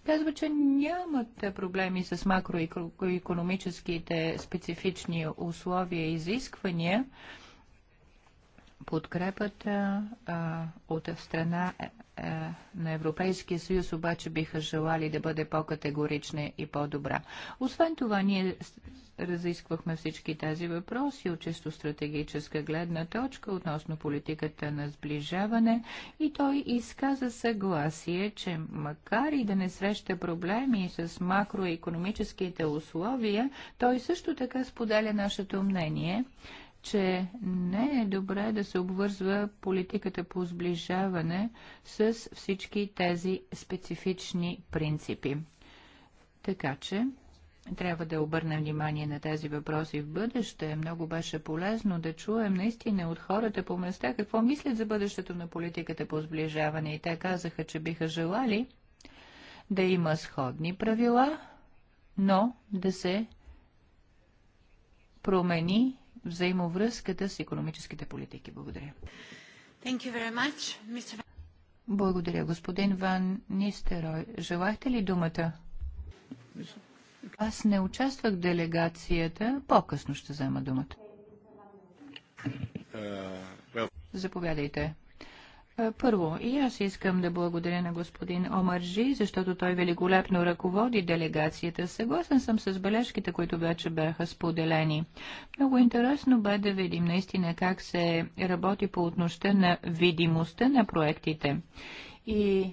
Казва, че нямат проблеми с макроекономическите специфични условия и изисквания. Подкрепата а, от страна е, е, на Европейския съюз обаче биха желали да бъде по-категорична и по-добра. Освен това, ние разисквахме всички тези въпроси от чисто стратегическа гледна точка относно политиката на сближаване и той изказа съгласие, че макар и да не среща проблеми с макроекономическите условия, той също така споделя нашето мнение, че не е добре да се обвързва политиката по сближаване с всички тези специфични принципи. Така че трябва да обърнем внимание на тези въпроси в бъдеще. Много беше полезно да чуем наистина от хората по места какво мислят за бъдещето на политиката по сближаване. И те казаха, че биха желали да има сходни правила, но да се промени взаимовръзката с економическите политики. Благодаря. Thank you very much, Mr. Благодаря, господин Ван Нистерой. Желахте ли думата? Аз не участвах в делегацията. По-късно ще взема думата. Uh, Заповядайте. Първо, и аз искам да благодаря на господин Омаржи, защото той великолепно ръководи делегацията. Съгласен съм с бележките, които вече бяха споделени. Много интересно бе да видим наистина как се работи по отношение на видимостта на проектите. И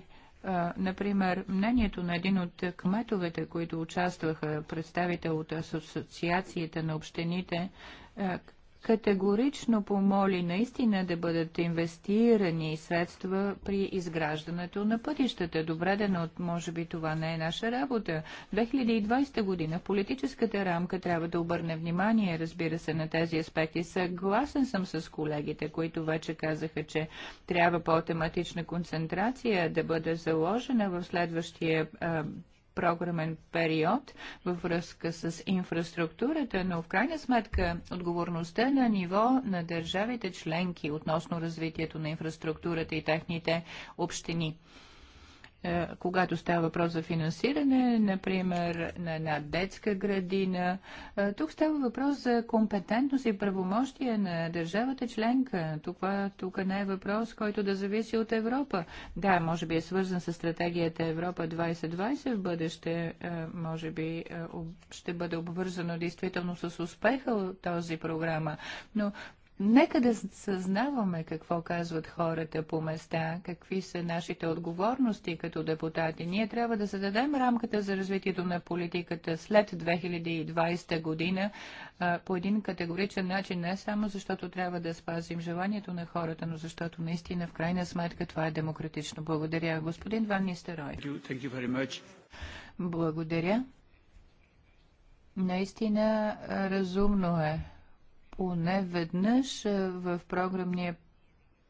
например, мнението на един от кметовете, които участваха, представител от Асоциацията на общените категорично помоли наистина да бъдат инвестирани средства при изграждането на пътищата. Добре да, но може би това не е наша работа. 2020 година в политическата рамка трябва да обърне внимание, разбира се, на тези аспекти. Съгласен съм с колегите, които вече казаха, че трябва по-тематична концентрация да бъде заложена в следващия програмен период във връзка с инфраструктурата, но в крайна сметка отговорността на ниво на държавите членки относно развитието на инфраструктурата и техните общини. Е, когато става въпрос за финансиране, например, на една детска градина. Е, тук става въпрос за компетентност и правомощие на държавата членка. Тук, тук не е въпрос, който да зависи от Европа. Да, може би е свързан с стратегията Европа 2020 в бъдеще, е, може би ще бъде обвързано действително с успеха от този програма. Но Нека да съзнаваме какво казват хората по места, какви са нашите отговорности като депутати. Ние трябва да зададем рамката за развитието на политиката след 2020 година по един категоричен начин, не само защото трябва да спазим желанието на хората, но защото наистина в крайна сметка това е демократично. Благодаря, господин Ван Нистерой. Благодаря. Наистина разумно е поне веднъж в програмния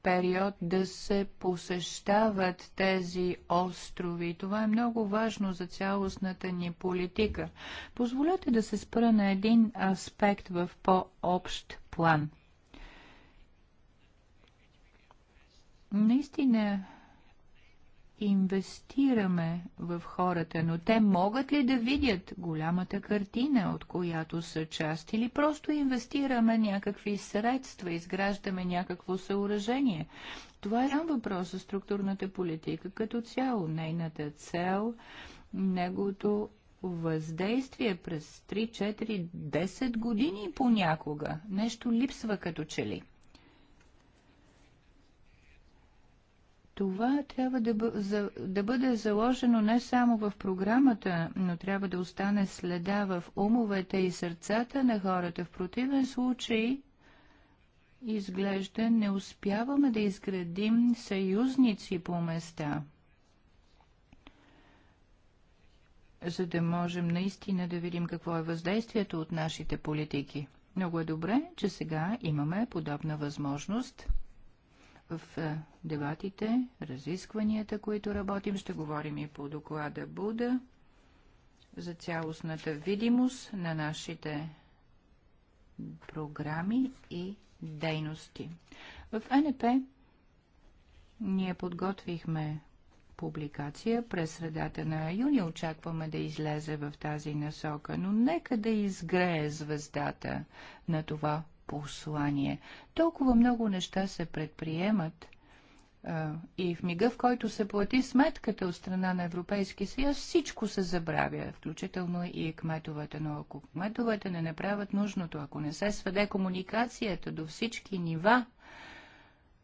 период да се посещават тези острови. Това е много важно за цялостната ни политика. Позволете да се спра на един аспект в по-общ план. Наистина инвестираме в хората, но те могат ли да видят голямата картина, от която са част, или просто инвестираме някакви средства, изграждаме някакво съоръжение? Това е сам въпрос за структурната политика като цяло, нейната цел, неговото въздействие през 3, 4, 10 години понякога. Нещо липсва като че ли. Това трябва да, бъ... за... да бъде заложено не само в програмата, но трябва да остане следа в умовете и сърцата на хората. В противен случай изглежда не успяваме да изградим съюзници по места, за да можем наистина да видим какво е въздействието от нашите политики. Много е добре, че сега имаме подобна възможност в дебатите, разискванията, които работим, ще говорим и по доклада Буда за цялостната видимост на нашите програми и дейности. В НП ние подготвихме публикация през средата на юни. Очакваме да излезе в тази насока, но нека да изгрее звездата на това послание. Толкова много неща се предприемат а, и в мига, в който се плати сметката от страна на Европейски съюз, всичко се забравя, включително и кметовете. Но ако кметовете не направят нужното, ако не се сведе комуникацията до всички нива,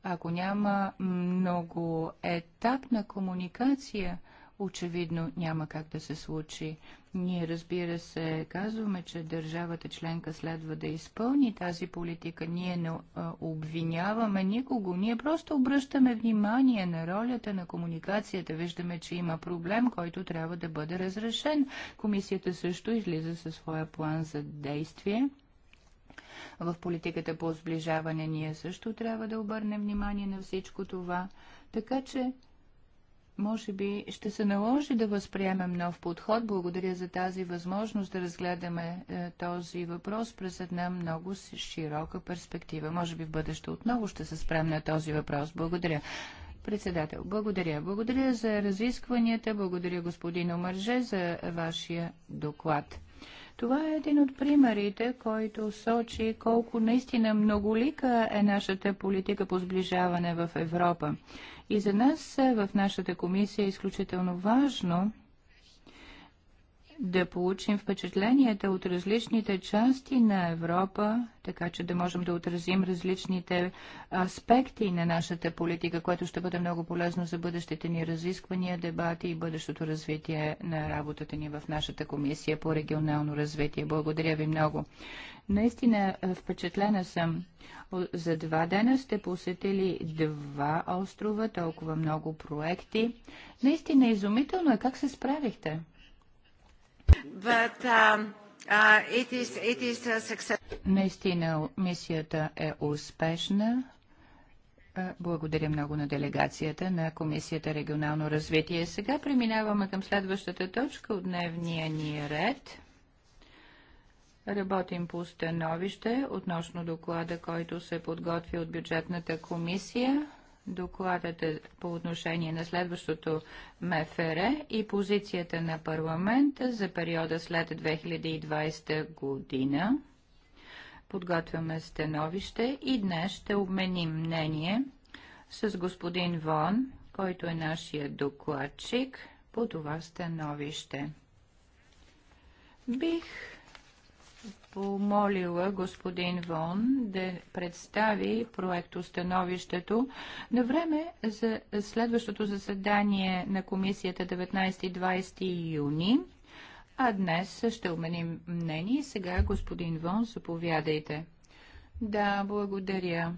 ако няма много етапна комуникация, очевидно няма как да се случи. Ние, разбира се, казваме, че държавата членка следва да изпълни тази политика. Ние не обвиняваме никого. Ние просто обръщаме внимание на ролята на комуникацията. Виждаме, че има проблем, който трябва да бъде разрешен. Комисията също излиза със своя план за действие. В политиката по сближаване ние също трябва да обърнем внимание на всичко това. Така че може би ще се наложи да възприемем нов подход. Благодаря за тази възможност да разгледаме е, този въпрос през една много широка перспектива. Може би в бъдеще отново ще се спрем на този въпрос. Благодаря. Председател, благодаря. Благодаря за разискванията, благодаря господин Омърже за вашия доклад. Това е един от примерите, който сочи колко наистина многолика е нашата политика по сближаване в Европа. И за нас е, в нашата комисия е изключително важно да получим впечатленията от различните части на Европа, така че да можем да отразим различните аспекти на нашата политика, което ще бъде много полезно за бъдещите ни разисквания, дебати и бъдещото развитие на работата ни в нашата комисия по регионално развитие. Благодаря ви много. Наистина е, впечатлена съм. За два дена сте посетили два острова, толкова много проекти. Наистина изумително е как се справихте. But, um, uh, it is, it is Наистина мисията е успешна. Е, благодаря много на делегацията на Комисията регионално развитие. Сега преминаваме към следващата точка от дневния ни ред. Работим по установище относно доклада, който се подготви от бюджетната комисия докладът е по отношение на следващото МФР и позицията на парламента за периода след 2020 година. Подготвяме становище и днес ще обменим мнение с господин Вон, който е нашия докладчик по това становище. Бих помолила господин Вон да представи проектостановището на време за следващото заседание на комисията 19 и 20 юни. А днес ще уменим мнение. Сега, господин Вон, заповядайте. Да, благодаря.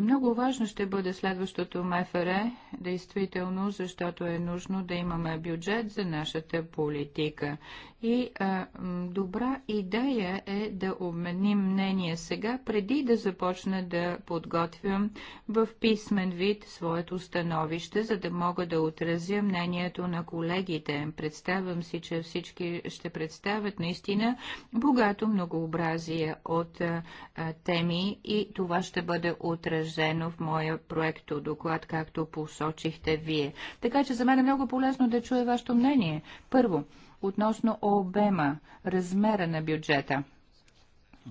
Много важно ще бъде следващото МФР, действително, защото е нужно да имаме бюджет за нашата политика. И а, добра идея е да обменим мнение сега, преди да започна да подготвям в писмен вид своето становище, за да мога да отразя мнението на колегите. Представям си, че всички ще представят наистина богато многообразие от а, а, теми и това ще бъде отразено в моя проекто доклад, както посочихте вие. Така че за мен е много полезно да чуя вашето мнение. Първо, относно обема, размера на бюджета.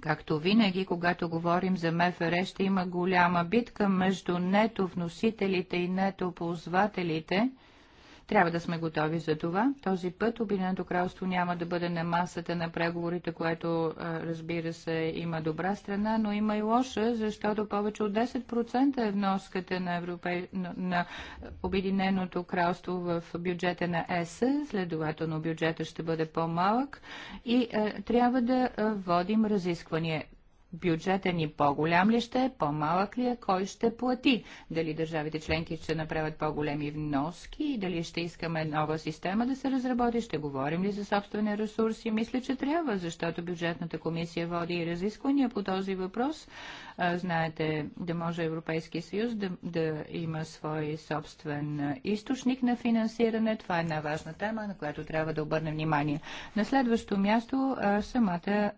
Както винаги, когато говорим за МФР, ще има голяма битка между нетовносителите и ползвателите – трябва да сме готови за това. Този път Обединеното кралство няма да бъде на масата на преговорите, което разбира се има добра страна, но има и лоша, защото повече от 10% е вноската на, Европе... на Обединеното кралство в бюджета на ЕС, следователно бюджета ще бъде по-малък и е, трябва да водим разисквания бюджетът е ни по-голям ли ще е, по-малък ли е, кой ще плати? Дали държавите членки ще направят по-големи вноски и дали ще искаме нова система да се разработи, ще говорим ли за собствени ресурси? Мисля, че трябва, защото бюджетната комисия води и разисквания по този въпрос. Знаете, да може Европейския съюз да, да има свой собствен източник на финансиране. Това е една важна тема, на която трябва да обърнем внимание. На следващо място самата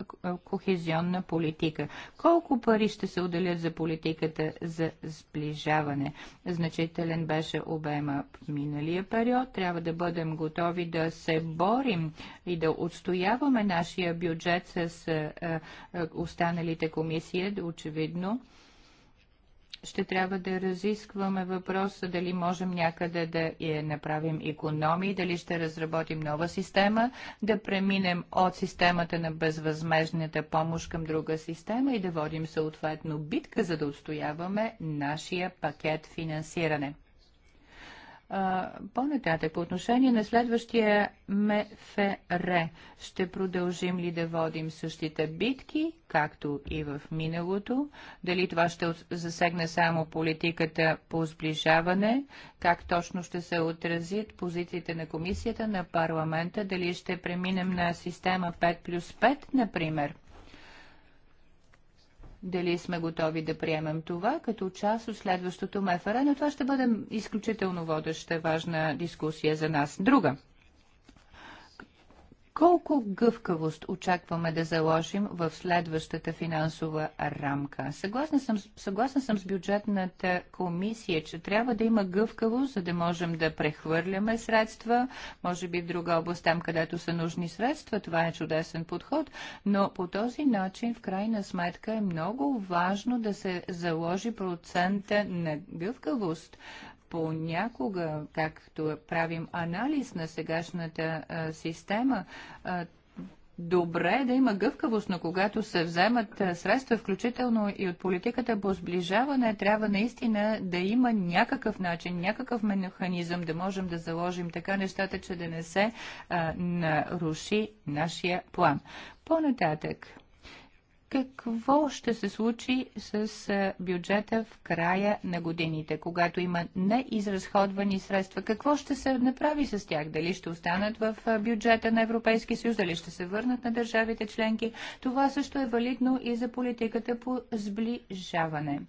кохезионна политика политика. Колко пари ще се отделят за политиката за сближаване? Значителен беше обема в миналия период. Трябва да бъдем готови да се борим и да отстояваме нашия бюджет с е, е, останалите комисии, очевидно ще трябва да разискваме въпроса дали можем някъде да я направим економии, дали ще разработим нова система, да преминем от системата на безвъзмежната помощ към друга система и да водим съответно битка, за да отстояваме нашия пакет финансиране. По-нататък, по отношение на следващия МФР, ще продължим ли да водим същите битки, както и в миналото? Дали това ще засегне само политиката по сближаване? Как точно ще се отразят позициите на комисията, на парламента? Дали ще преминем на система 5 плюс 5, например? дали сме готови да приемем това като част от следващото МФР, но това ще бъде изключително водеща важна дискусия за нас. Друга колко гъвкавост очакваме да заложим в следващата финансова рамка? Съгласна съм, съгласна съм с бюджетната комисия, че трябва да има гъвкавост, за да можем да прехвърляме средства, може би в друга област, там където са нужни средства. Това е чудесен подход, но по този начин в крайна сметка е много важно да се заложи процента на гъвкавост понякога, както правим анализ на сегашната а, система, а, добре е да има гъвкавост, но когато се вземат средства, включително и от политиката по сближаване, трябва наистина да има някакъв начин, някакъв механизъм да можем да заложим така нещата, че да не се а, наруши нашия план. По-нататък какво ще се случи с бюджета в края на годините, когато има неизразходвани средства? Какво ще се направи с тях? Дали ще останат в бюджета на Европейския съюз, дали ще се върнат на държавите членки? Това също е валидно и за политиката по сближаване.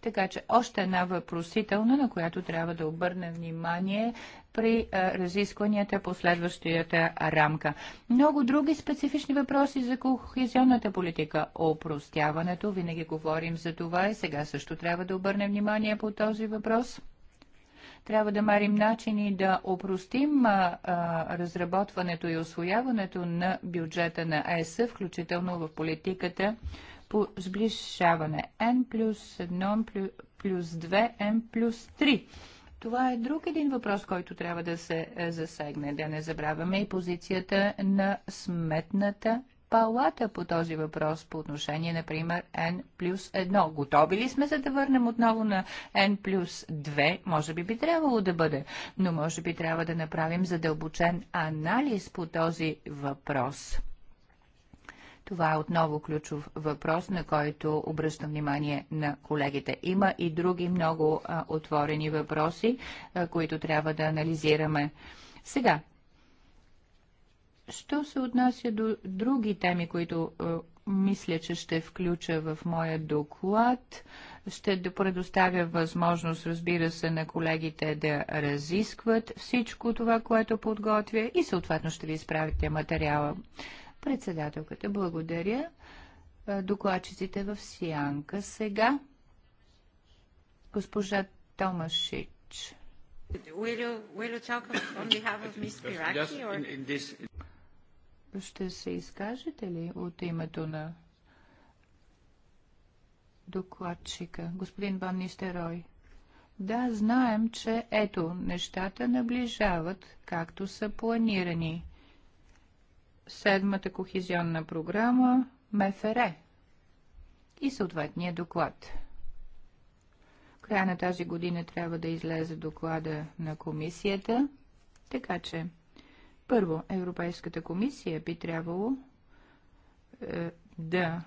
Така че още една въпросителна, на която трябва да обърнем внимание при разискванията по следващата рамка. Много други специфични въпроси за кохезионната политика. Опростяването, винаги говорим за това и сега също трябва да обърнем внимание по този въпрос трябва да марим начини да опростим а, а, разработването и освояването на бюджета на ЕС, включително в политиката по сближаване. N плюс 1 плюс 2, N плюс 3. Това е друг един въпрос, който трябва да се е, засегне. Да не забравяме и позицията на сметната палата по този въпрос по отношение, например, N плюс 1. Готови ли сме, за да върнем отново на N плюс 2? Може би би трябвало да бъде, но може би трябва да направим задълбочен анализ по този въпрос. Това е отново ключов въпрос, на който обръщам внимание на колегите. Има и други много а, отворени въпроси, а, които трябва да анализираме. Сега, що се отнася до други теми, които а, мисля, че ще включа в моя доклад, ще предоставя възможност, разбира се, на колегите да разискват всичко това, което подготвя и съответно ще ви изправите материала Председателката, благодаря. Е, докладчиците в Сянка сега. Госпожа Томашич. Ще се изкажете ли от името на докладчика, господин Ван Нистерой? Да, знаем, че ето, нещата наближават, както са планирани седмата кохезионна програма МФР и съответния доклад. Края на тази година трябва да излезе доклада на комисията, така че първо Европейската комисия би трябвало е, да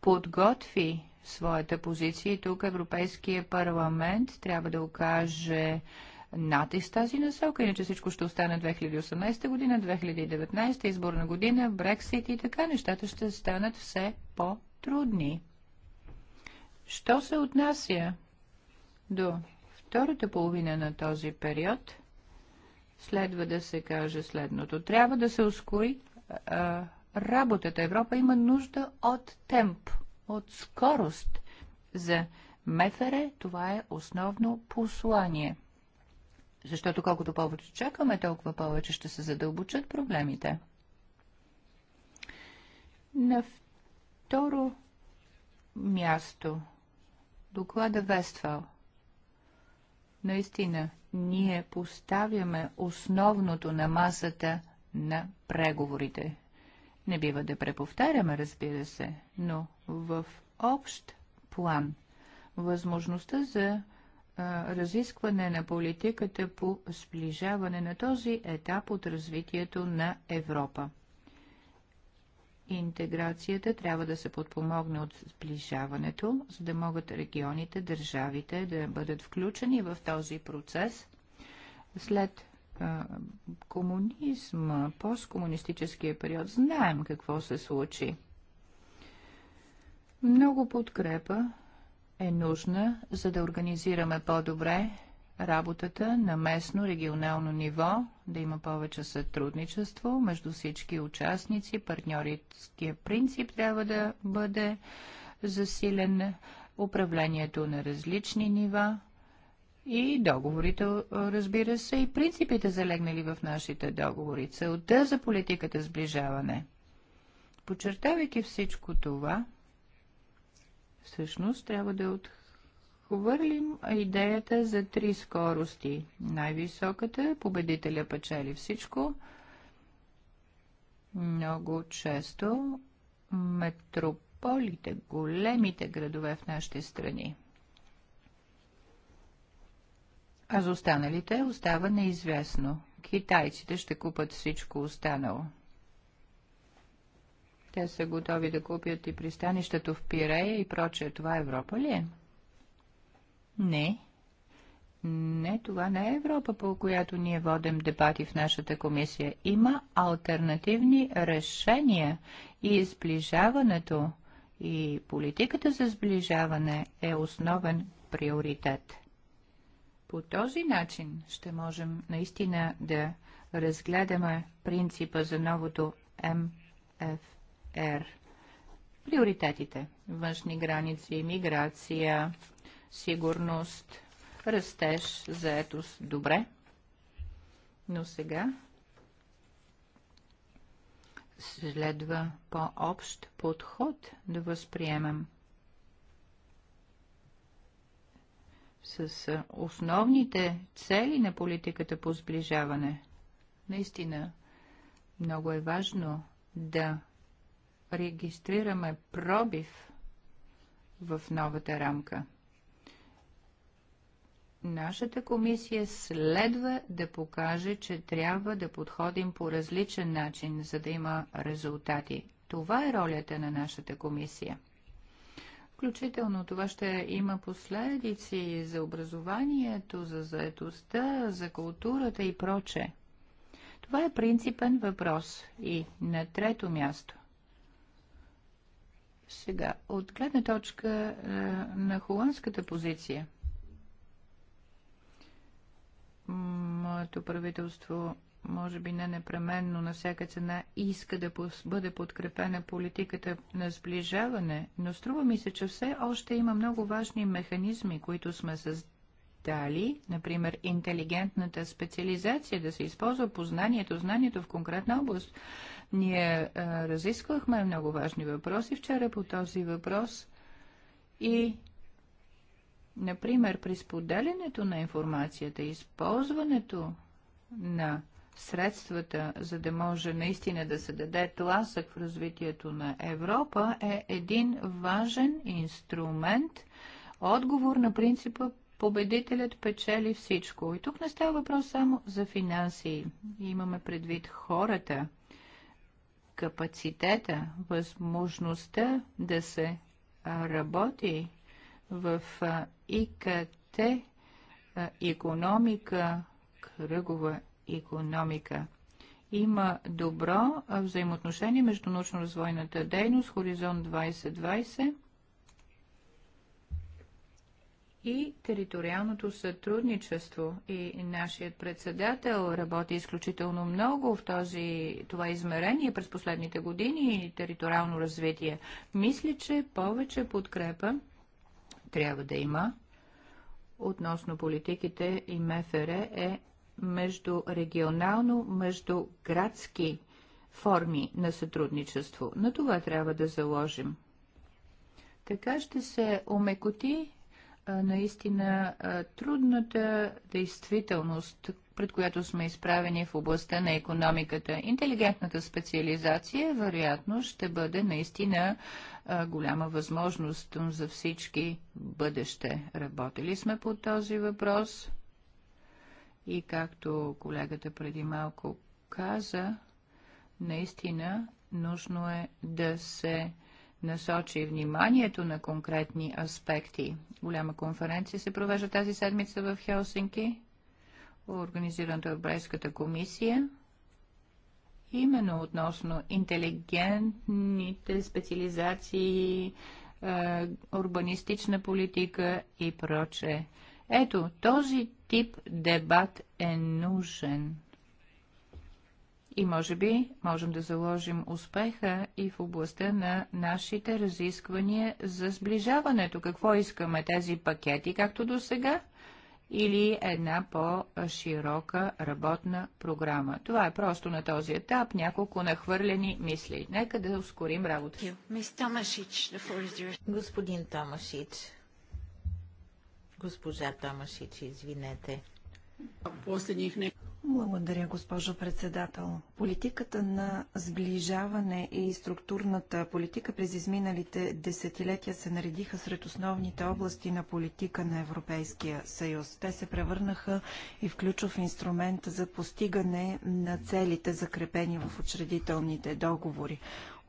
подготви своята позиция и тук Европейския парламент трябва да окаже натиск тази насока, иначе всичко ще остане 2018 година, 2019 изборна година, Брексит и така нещата ще станат все по-трудни. Що се отнася до втората половина на този период, следва да се каже следното. Трябва да се ускори а, работата. Европа има нужда от темп, от скорост за МФР. Това е основно послание. Защото колкото повече чакаме, толкова повече ще се задълбочат проблемите. На второ място доклада Вествал. Наистина, ние поставяме основното на масата на преговорите. Не бива да преповтаряме, разбира се, но в общ план възможността за разискване на политиката по сближаване на този етап от развитието на Европа. Интеграцията трябва да се подпомогне от сближаването, за да могат регионите, държавите да бъдат включени в този процес. След комунизма, посткомунистическия период, знаем какво се случи. Много подкрепа е нужна, за да организираме по-добре работата на местно, регионално ниво, да има повече сътрудничество между всички участници. Партньорския принцип трябва да бъде засилен управлението на различни нива и договорите, разбира се, и принципите залегнали в нашите договори. Целта за политиката сближаване. Подчертавайки всичко това, Всъщност трябва да отхвърлим идеята за три скорости. Най-високата, е победителя печели всичко. Много често метрополите, големите градове в нашите страни. А за останалите остава неизвестно. Китайците ще купат всичко останало. Те са готови да купят и пристанището в Пирея и прочее. Това е Европа ли е? Не. Не, това не е Европа, по която ние водим дебати в нашата комисия. Има альтернативни решения и сближаването и политиката за сближаване е основен приоритет. По този начин ще можем наистина да разгледаме принципа за новото МФ. R. Приоритетите – външни граници, миграция, сигурност, растеж, заетост – добре. Но сега следва по-общ подход да възприемем с основните цели на политиката по сближаване. Наистина, много е важно да регистрираме пробив в новата рамка. Нашата комисия следва да покаже, че трябва да подходим по различен начин, за да има резултати. Това е ролята на нашата комисия. Включително това ще има последици за образованието, за заедостта, за културата и проче. Това е принципен въпрос. И на трето място. Сега, от гледна точка е, на холандската позиция, моето правителство може би не непременно на всяка цена иска да бъде подкрепена политиката на сближаване, но струва ми се, че все още има много важни механизми, които сме създали, например интелигентната специализация, да се използва познанието, знанието в конкретна област, ние а, разисквахме много важни въпроси вчера по този въпрос и, например, при споделянето на информацията, използването на средствата, за да може наистина да се даде тласък в развитието на Европа, е един важен инструмент, отговор на принципа победителят печели всичко. И тук не става въпрос само за финанси. Имаме предвид хората – капацитета, възможността да се работи в ИКТ економика, кръгова економика. Има добро взаимоотношение между научно-развойната дейност, Хоризонт 2020 и териториалното сътрудничество. И нашият председател работи изключително много в този, това измерение през последните години и териториално развитие. Мисля, че повече подкрепа трябва да има относно политиките и МФР е между регионално, между градски форми на сътрудничество. На това трябва да заложим. Така ще се омекоти наистина трудната действителност, пред която сме изправени в областта на економиката. Интелигентната специализация, вероятно, ще бъде наистина голяма възможност за всички бъдеще. Работили сме по този въпрос и както колегата преди малко каза, наистина нужно е да се насочи вниманието на конкретни аспекти. Голяма конференция се провежда тази седмица в Хелсинки, организираната е Европейската комисия, именно относно интелигентните специализации, е, урбанистична политика и прочее. Ето, този тип дебат е нужен. И може би можем да заложим успеха и в областта на нашите разисквания за сближаването. Какво искаме тези пакети, както до сега? Или една по-широка работна програма. Това е просто на този етап няколко нахвърлени мисли. Нека да ускорим работа. Господин Томашич, госпожа Томашич, извинете. Благодаря, госпожо председател. Политиката на сближаване и структурната политика през изминалите десетилетия се наредиха сред основните области на политика на Европейския съюз. Те се превърнаха и в ключов инструмент за постигане на целите, закрепени в учредителните договори.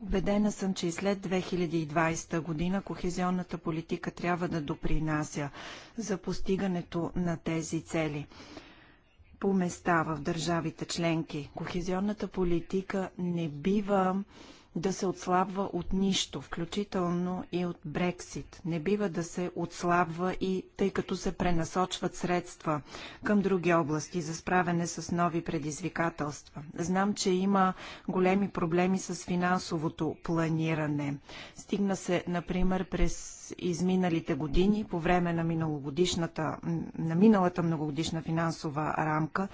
Убедена съм, че и след 2020 година кохезионната политика трябва да допринася за постигането на тези цели по места в държавите членки. Кохезионната политика не бива да се отслабва от нищо, включително и от Брексит. Не бива да се отслабва и тъй като се пренасочват средства към други области за справяне с нови предизвикателства. Знам, че има големи проблеми с финансовото планиране. Стигна се, например, през изминалите години по време на, миналогодишната, на миналата многогодишна финансова рамка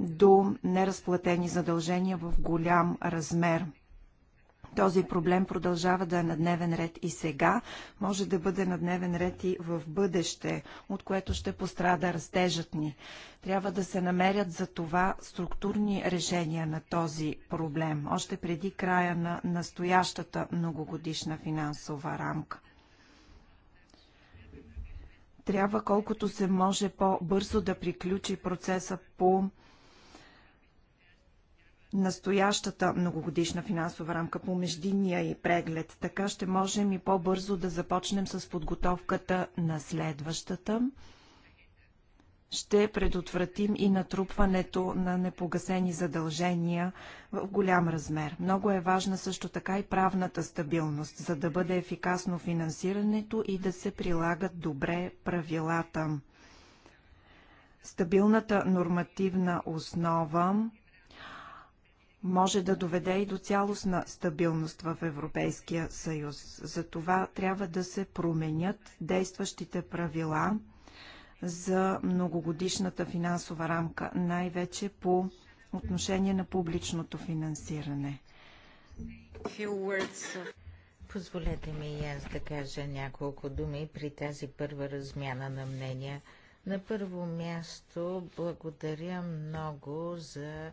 до неразплатени задължения в голям размер. Този проблем продължава да е на дневен ред и сега, може да бъде на дневен ред и в бъдеще, от което ще пострада растежът ни. Трябва да се намерят за това структурни решения на този проблем, още преди края на настоящата многогодишна финансова рамка трябва колкото се може по-бързо да приключи процеса по настоящата многогодишна финансова рамка по междинния и преглед. Така ще можем и по-бързо да започнем с подготовката на следващата ще предотвратим и натрупването на непогасени задължения в голям размер. Много е важна също така и правната стабилност, за да бъде ефикасно финансирането и да се прилагат добре правилата. Стабилната нормативна основа може да доведе и до цялостна стабилност в Европейския съюз. За това трябва да се променят действащите правила – за многогодишната финансова рамка, най-вече по отношение на публичното финансиране. Позволете ми и аз да кажа няколко думи при тази първа размяна на мнения. На първо място благодаря много за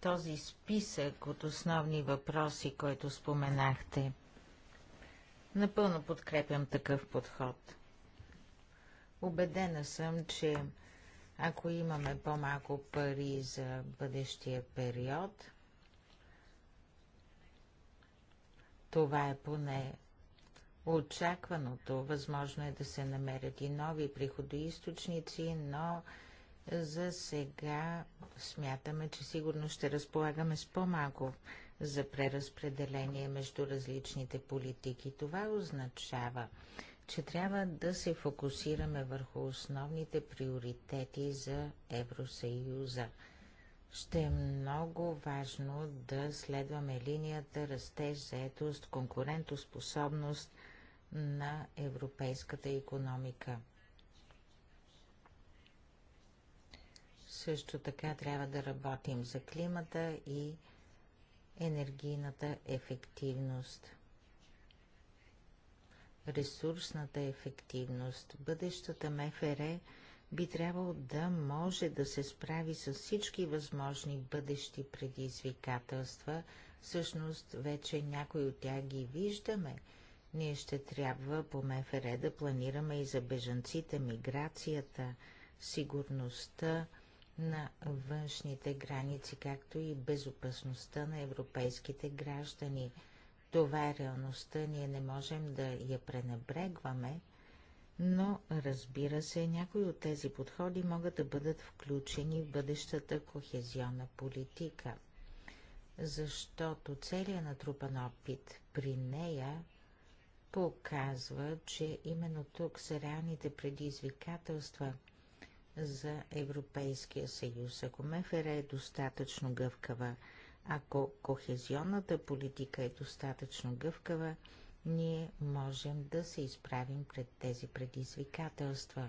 този списък от основни въпроси, който споменахте. Напълно подкрепям такъв подход. Убедена съм, че ако имаме по-малко пари за бъдещия период, това е поне очакваното. Възможно е да се намерят и нови приходоисточници, но за сега смятаме, че сигурно ще разполагаме с по-малко за преразпределение между различните политики. Това означава, че трябва да се фокусираме върху основните приоритети за Евросъюза. Ще е много важно да следваме линията растеж, заетост, конкурентоспособност на европейската економика. Също така трябва да работим за климата и енергийната ефективност – ресурсната ефективност. Бъдещата МФР би трябвало да може да се справи с всички възможни бъдещи предизвикателства. Всъщност, вече някои от тях ги виждаме. Ние ще трябва по МФР да планираме и за бежанците, миграцията, сигурността на външните граници, както и безопасността на европейските граждани – това е реалността, ние не можем да я пренебрегваме, но разбира се, някои от тези подходи могат да бъдат включени в бъдещата кохезионна политика, защото целият натрупан опит при нея показва, че именно тук са реалните предизвикателства за Европейския съюз. Ако МФР е достатъчно гъвкава, ако кохезионната политика е достатъчно гъвкава, ние можем да се изправим пред тези предизвикателства.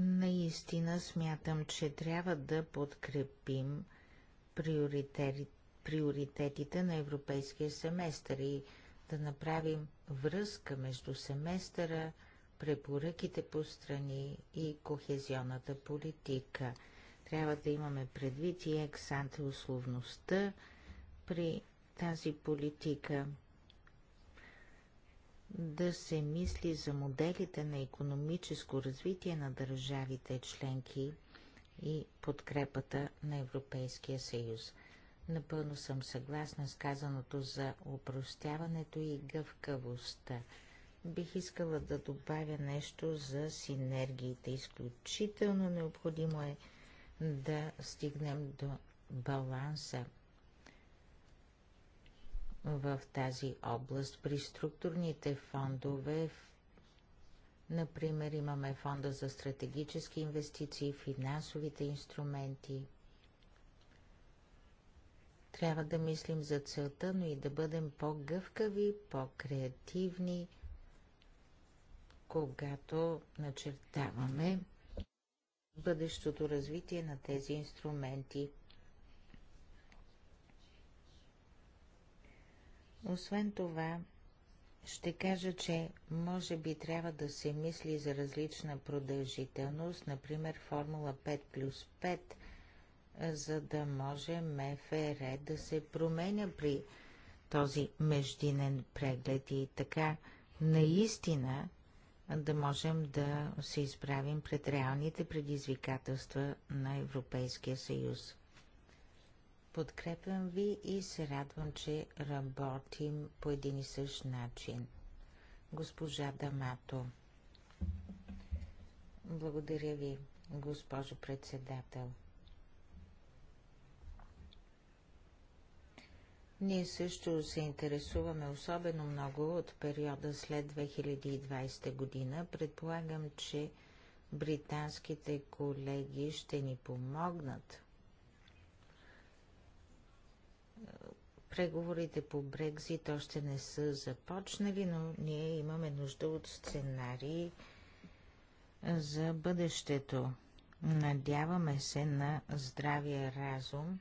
Наистина смятам, че трябва да подкрепим приоритетите на европейския семестър и да направим връзка между семестъра и препоръките по страни и кохезионната политика. Трябва да имаме предвид и ексанте условността при тази политика. Да се мисли за моделите на економическо развитие на държавите членки и подкрепата на Европейския съюз. Напълно съм съгласна с казаното за упростяването и гъвкавостта бих искала да добавя нещо за синергиите. Изключително необходимо е да стигнем до баланса в тази област. При структурните фондове, например, имаме фонда за стратегически инвестиции, финансовите инструменти. Трябва да мислим за целта, но и да бъдем по-гъвкави, по-креативни – когато начертаваме бъдещото развитие на тези инструменти. Освен това, ще кажа, че може би трябва да се мисли за различна продължителност, например формула 5 плюс 5, за да може МФР да се променя при този междинен преглед и така наистина да можем да се изправим пред реалните предизвикателства на Европейския съюз. Подкрепям ви и се радвам, че работим по един и същ начин. Госпожа Дамато. Благодаря ви, госпожо председател. Ние също се интересуваме особено много от периода след 2020 година. Предполагам, че британските колеги ще ни помогнат. Преговорите по Брекзит още не са започнали, но ние имаме нужда от сценарии за бъдещето. Надяваме се на здравия разум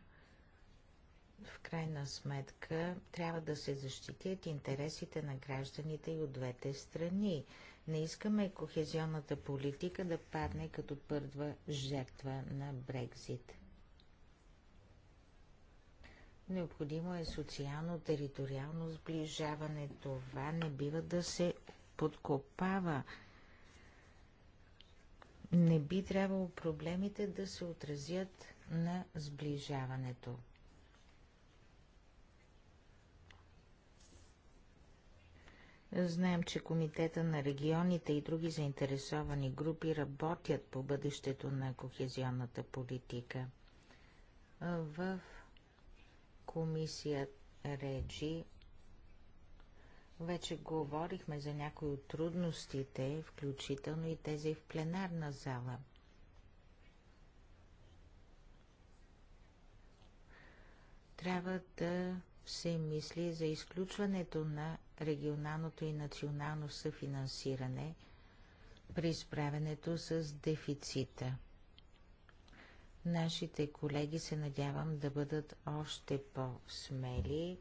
в крайна сметка трябва да се защитят интересите на гражданите и от двете страни. Не искаме кохезионната политика да падне като първа жертва на Брекзит. Необходимо е социално-териториално сближаване. Това не бива да се подкопава. Не би трябвало проблемите да се отразят на сближаването. Знаем, че Комитета на регионите и други заинтересовани групи работят по бъдещето на кохезионната политика. В комисия Реджи вече говорихме за някои от трудностите, включително и тези в пленарна зала. Трябва да се мисли за изключването на регионалното и национално съфинансиране при справянето с дефицита. Нашите колеги се надявам да бъдат още по-смели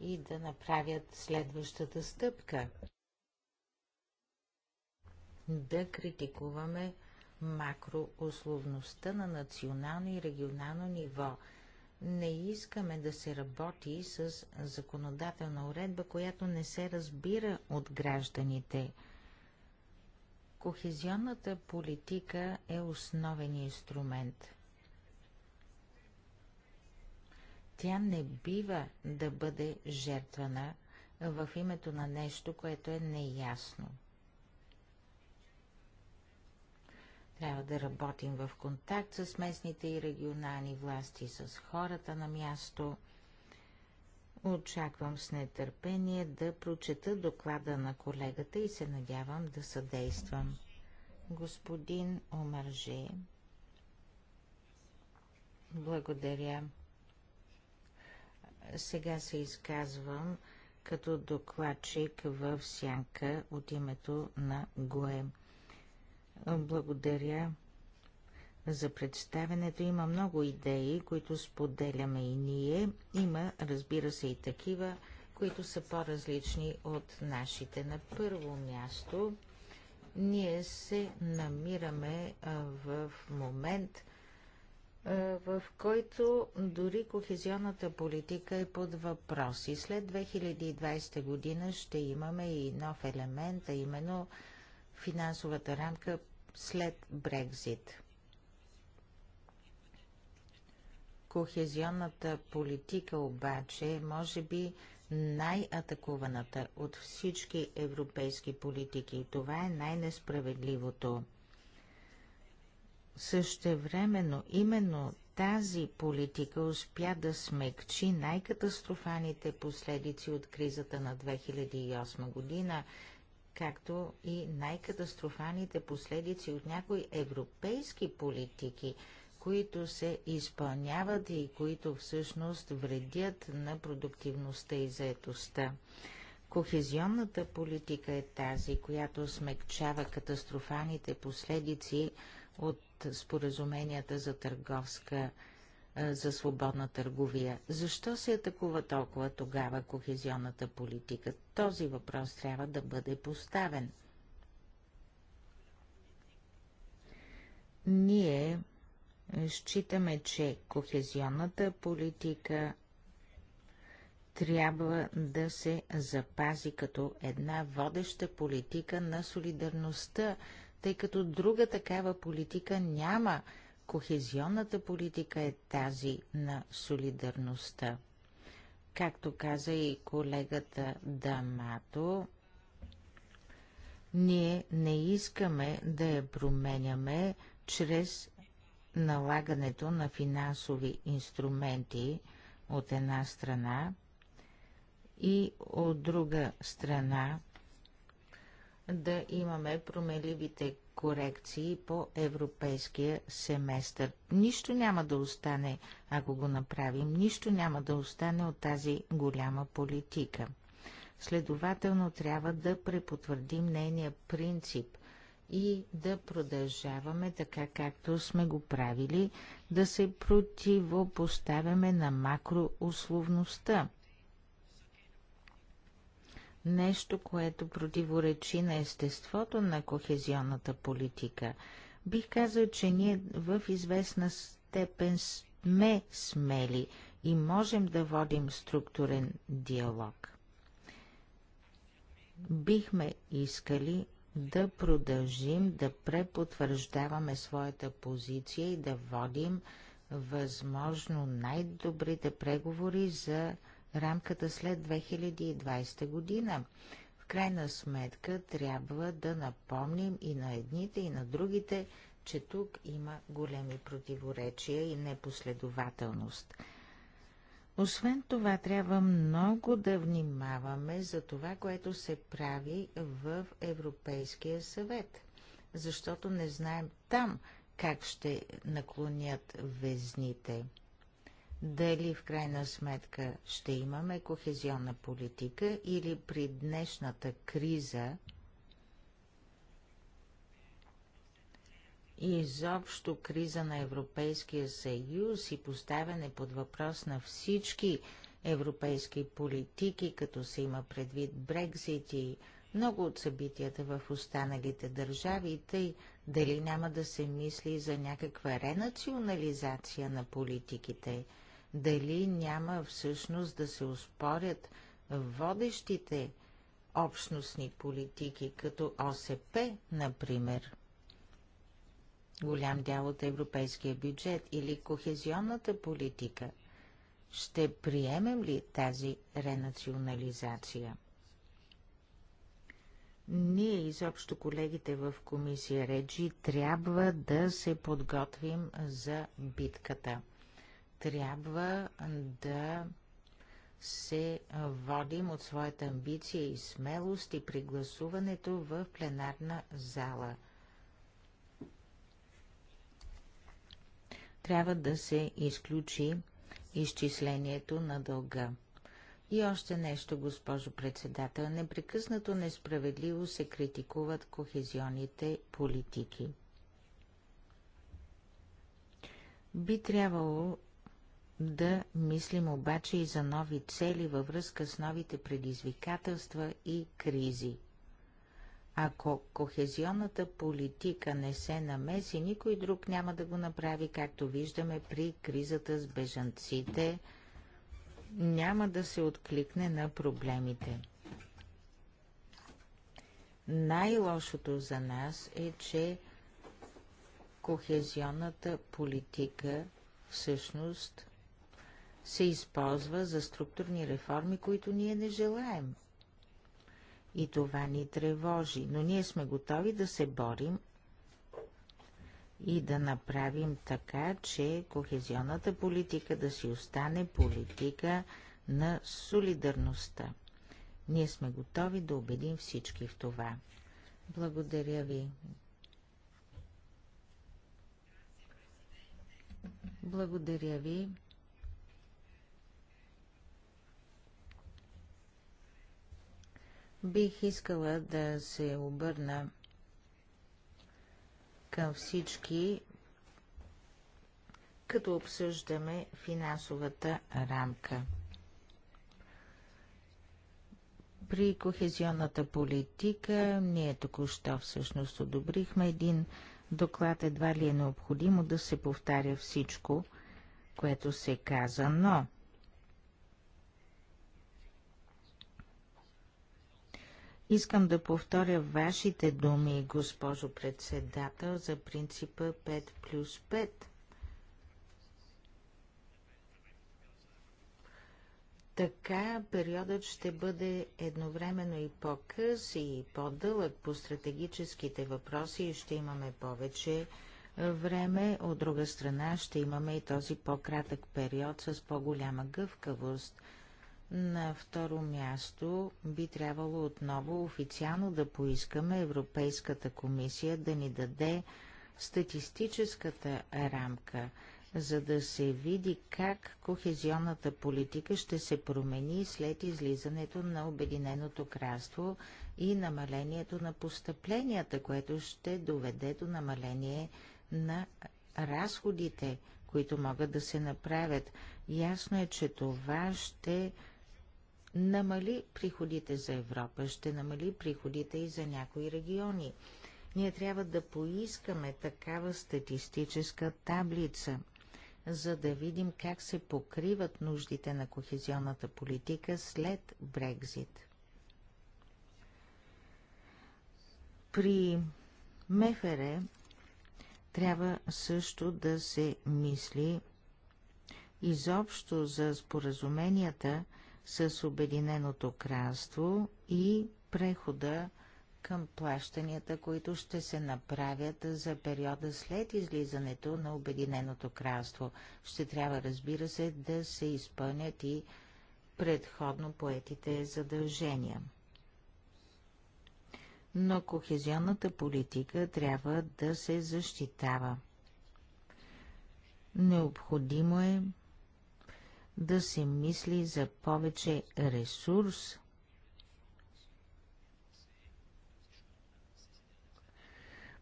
и да направят следващата стъпка. Да критикуваме макроусловността на национално и регионално ниво – не искаме да се работи с законодателна уредба, която не се разбира от гражданите. Кохезионната политика е основен инструмент. Тя не бива да бъде жертвана в името на нещо, което е неясно. Трябва да работим в контакт с местните и регионални власти, с хората на място. Очаквам с нетърпение да прочета доклада на колегата и се надявам да съдействам. Господин Омарже, благодаря. Сега се изказвам като докладчик в сянка от името на ГОЕМ. Благодаря за представенето. Има много идеи, които споделяме и ние. Има, разбира се, и такива, които са по-различни от нашите. На първо място, ние се намираме в момент, в който дори кохезионната политика е под въпрос. И след 2020 година ще имаме и нов елемент, а именно финансовата рамка след Брекзит. Кохезионната политика обаче е може би най-атакуваната от всички европейски политики и това е най-несправедливото. Същевременно именно тази политика успя да смекчи най-катастрофалните последици от кризата на 2008 година както и най-катастрофалните последици от някои европейски политики, които се изпълняват и които всъщност вредят на продуктивността и заетостта. Кохезионната политика е тази, която смекчава катастрофалните последици от споразуменията за търговска за свободна търговия. Защо се атакува толкова тогава кохезионната политика? Този въпрос трябва да бъде поставен. Ние считаме, че кохезионната политика трябва да се запази като една водеща политика на солидарността, тъй като друга такава политика няма – Кохезионната политика е тази на солидарността. Както каза и колегата Дамато, ние не искаме да я променяме чрез налагането на финансови инструменти от една страна и от друга страна да имаме промеливите корекции по европейския семестър. Нищо няма да остане, ако го направим, нищо няма да остане от тази голяма политика. Следователно трябва да препотвърдим нейния принцип и да продължаваме така, както сме го правили, да се противопоставяме на макроусловността нещо, което противоречи на естеството на кохезионната политика. Бих казал, че ние в известна степен сме смели и можем да водим структурен диалог. Бихме искали да продължим да препотвърждаваме своята позиция и да водим възможно най-добрите преговори за рамката след 2020 година. В крайна сметка трябва да напомним и на едните, и на другите, че тук има големи противоречия и непоследователност. Освен това, трябва много да внимаваме за това, което се прави в Европейския съвет, защото не знаем там как ще наклонят везните дали в крайна сметка ще имаме кохезионна политика или при днешната криза и изобщо криза на Европейския съюз и поставяне под въпрос на всички европейски политики, като се има предвид Брекзит и много от събитията в останалите държави, тъй дали няма да се мисли за някаква ренационализация на политиките – дали няма всъщност да се успорят водещите общностни политики, като ОСП, например, голям дял от европейския бюджет или кохезионната политика, ще приемем ли тази ренационализация? Ние изобщо колегите в комисия Реджи трябва да се подготвим за битката – трябва да се водим от своята амбиция и смелост и при гласуването в пленарна зала. Трябва да се изключи изчислението на дълга. И още нещо, госпожо председател, непрекъснато несправедливо се критикуват кохезионните политики. Би трябвало да мислим обаче и за нови цели във връзка с новите предизвикателства и кризи. Ако кохезионната политика не се намеси, никой друг няма да го направи, както виждаме при кризата с бежанците, няма да се откликне на проблемите. Най-лошото за нас е, че кохезионната политика всъщност се използва за структурни реформи, които ние не желаем. И това ни тревожи, но ние сме готови да се борим и да направим така, че кохезионната политика да си остане политика на солидарността. Ние сме готови да убедим всички в това. Благодаря ви. Благодаря ви. Бих искала да се обърна към всички, като обсъждаме финансовата рамка. При кохезионната политика ние току-що всъщност одобрихме един доклад. Едва ли е необходимо да се повтаря всичко, което се каза, но Искам да повторя вашите думи, госпожо председател, за принципа 5 плюс 5. Така периодът ще бъде едновременно и по-къс и по-дълъг по стратегическите въпроси и ще имаме повече време. От друга страна ще имаме и този по-кратък период с по-голяма гъвкавост – на второ място би трябвало отново официално да поискаме Европейската комисия да ни даде статистическата рамка, за да се види как кохезионната политика ще се промени след излизането на Обединеното кралство и намалението на постъпленията, което ще доведе до намаление на разходите, които могат да се направят. Ясно е, че това ще намали приходите за Европа, ще намали приходите и за някои региони. Ние трябва да поискаме такава статистическа таблица, за да видим как се покриват нуждите на кохезионната политика след Брекзит. При МФР трябва също да се мисли изобщо за споразуменията, с Обединеното кралство и прехода към плащанията, които ще се направят за периода след излизането на Обединеното кралство. Ще трябва, разбира се, да се изпълнят и предходно поетите задължения. Но кохезионната политика трябва да се защитава. Необходимо е да се мисли за повече ресурс.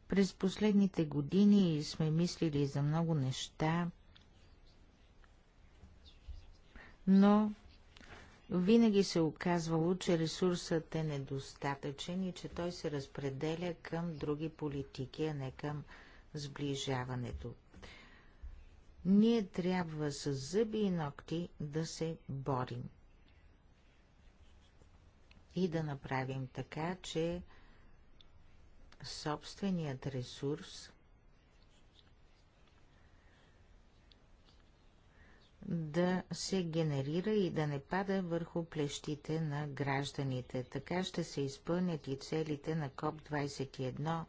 През последните години сме мислили за много неща, но винаги се оказвало, че ресурсът е недостатъчен и че той се разпределя към други политики, а не към сближаването. Ние трябва с зъби и ногти да се борим и да направим така, че собственият ресурс да се генерира и да не пада върху плещите на гражданите. Така ще се изпълнят и целите на КОП-21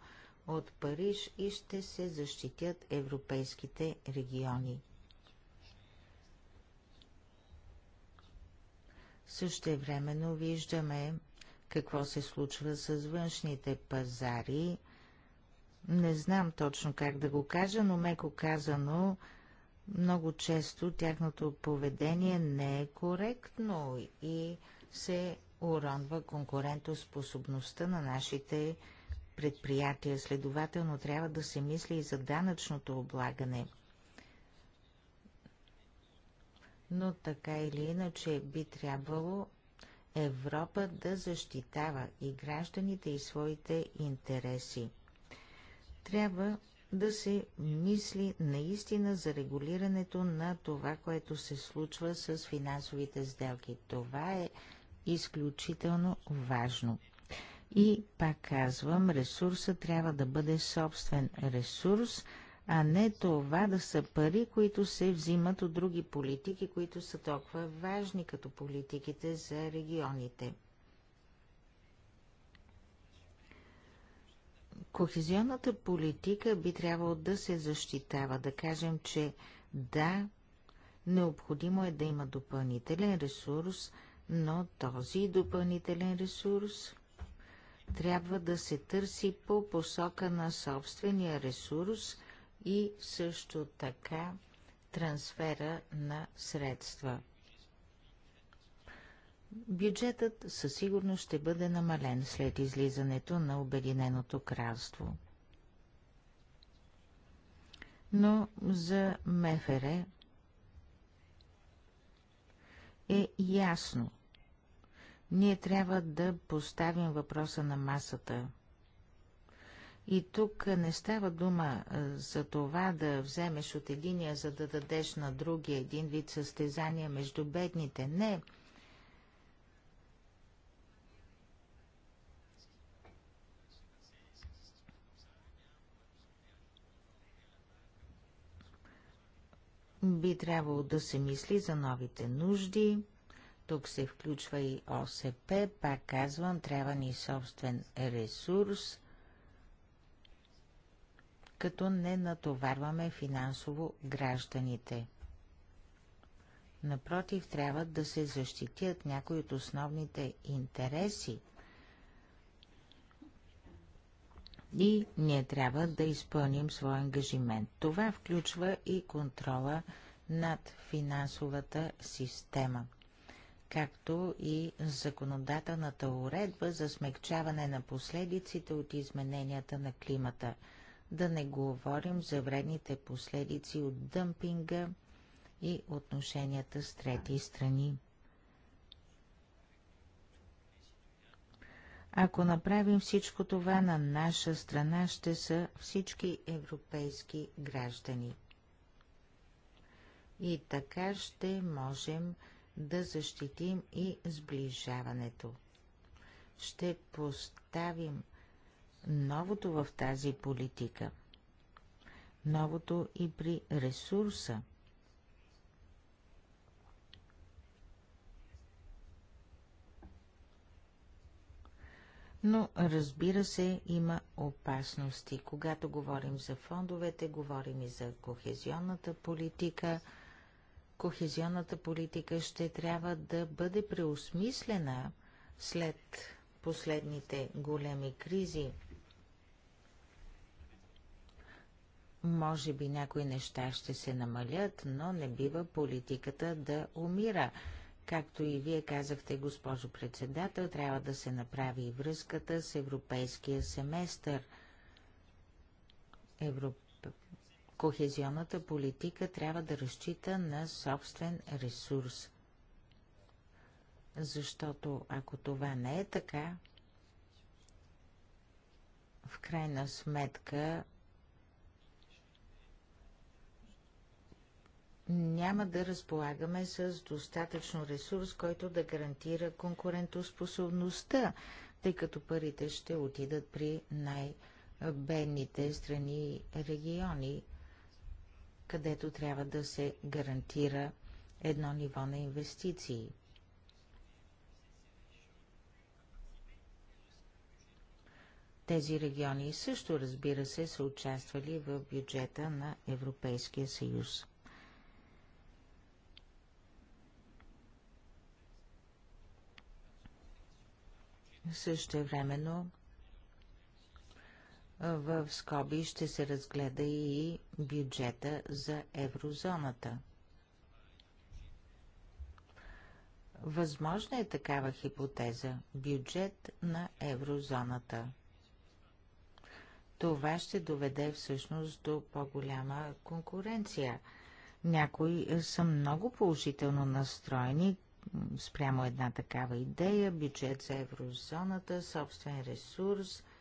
от Париж и ще се защитят европейските региони. Същевременно виждаме какво се случва с външните пазари. Не знам точно как да го кажа, но меко казано, много често тяхното поведение не е коректно и се уронва конкурентоспособността на нашите предприятия, следователно трябва да се мисли и за данъчното облагане. Но така или иначе би трябвало Европа да защитава и гражданите и своите интереси. Трябва да се мисли наистина за регулирането на това, което се случва с финансовите сделки. Това е изключително важно. И пак казвам, ресурса трябва да бъде собствен ресурс, а не това да са пари, които се взимат от други политики, които са толкова важни като политиките за регионите. Кохезионната политика би трябвало да се защитава, да кажем, че да, необходимо е да има допълнителен ресурс, но този допълнителен ресурс трябва да се търси по посока на собствения ресурс и също така трансфера на средства. Бюджетът със сигурност ще бъде намален след излизането на Обединеното кралство. Но за МФР е ясно, ние трябва да поставим въпроса на масата. И тук не става дума за това да вземеш от единия, за да дадеш на другия един вид състезания между бедните. Не. Би трябвало да се мисли за новите нужди, тук се включва и ОСП, пак казвам, трябва ни собствен ресурс, като не натоварваме финансово гражданите. Напротив, трябва да се защитят някои от основните интереси и ние трябва да изпълним своя ангажимент. Това включва и контрола над финансовата система както и законодателната уредба за смягчаване на последиците от измененията на климата. Да не говорим за вредните последици от дъмпинга и отношенията с трети страни. Ако направим всичко това на наша страна, ще са всички европейски граждани. И така ще можем да да защитим и сближаването. Ще поставим новото в тази политика, новото и при ресурса. Но разбира се, има опасности. Когато говорим за фондовете, говорим и за кохезионната политика – кохезионната политика ще трябва да бъде преосмислена след последните големи кризи. Може би някои неща ще се намалят, но не бива политиката да умира. Както и вие казахте, госпожо председател, трябва да се направи и връзката с европейския семестър. Европ... Кохезионната политика трябва да разчита на собствен ресурс. Защото ако това не е така, в крайна сметка няма да разполагаме с достатъчно ресурс, който да гарантира конкурентоспособността, тъй като парите ще отидат при най-бедните страни региони където трябва да се гарантира едно ниво на инвестиции. Тези региони също, разбира се, са участвали в бюджета на Европейския съюз. Също времено в скоби ще се разгледа и бюджета за еврозоната. Възможна е такава хипотеза – бюджет на еврозоната. Това ще доведе всъщност до по-голяма конкуренция. Някои са много положително настроени спрямо една такава идея – бюджет за еврозоната, собствен ресурс –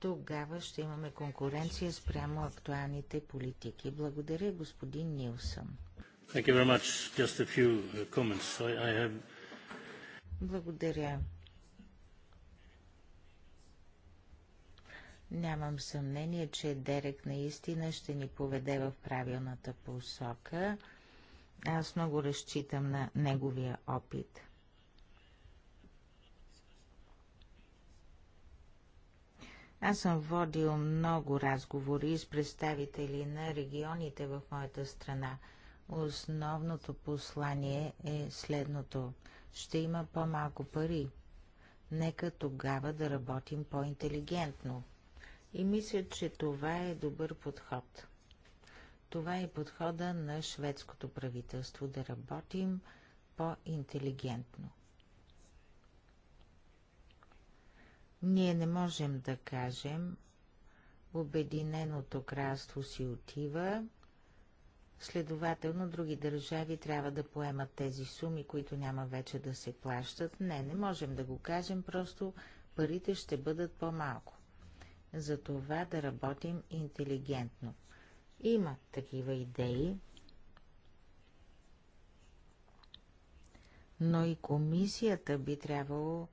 тогава ще имаме конкуренция спрямо актуалните политики. Благодаря, господин Нилсън. Have... Благодаря. Нямам съмнение, че Дерек наистина ще ни поведе в правилната посока. Аз много разчитам на неговия опит. Аз съм водил много разговори с представители на регионите в моята страна. Основното послание е следното. Ще има по-малко пари. Нека тогава да работим по-интелигентно. И мисля, че това е добър подход. Това е подхода на шведското правителство да работим по-интелигентно. Ние не можем да кажем, Обединеното кралство си отива, следователно други държави трябва да поемат тези суми, които няма вече да се плащат. Не, не можем да го кажем, просто парите ще бъдат по-малко. За това да работим интелигентно. Има такива идеи, но и комисията би трябвало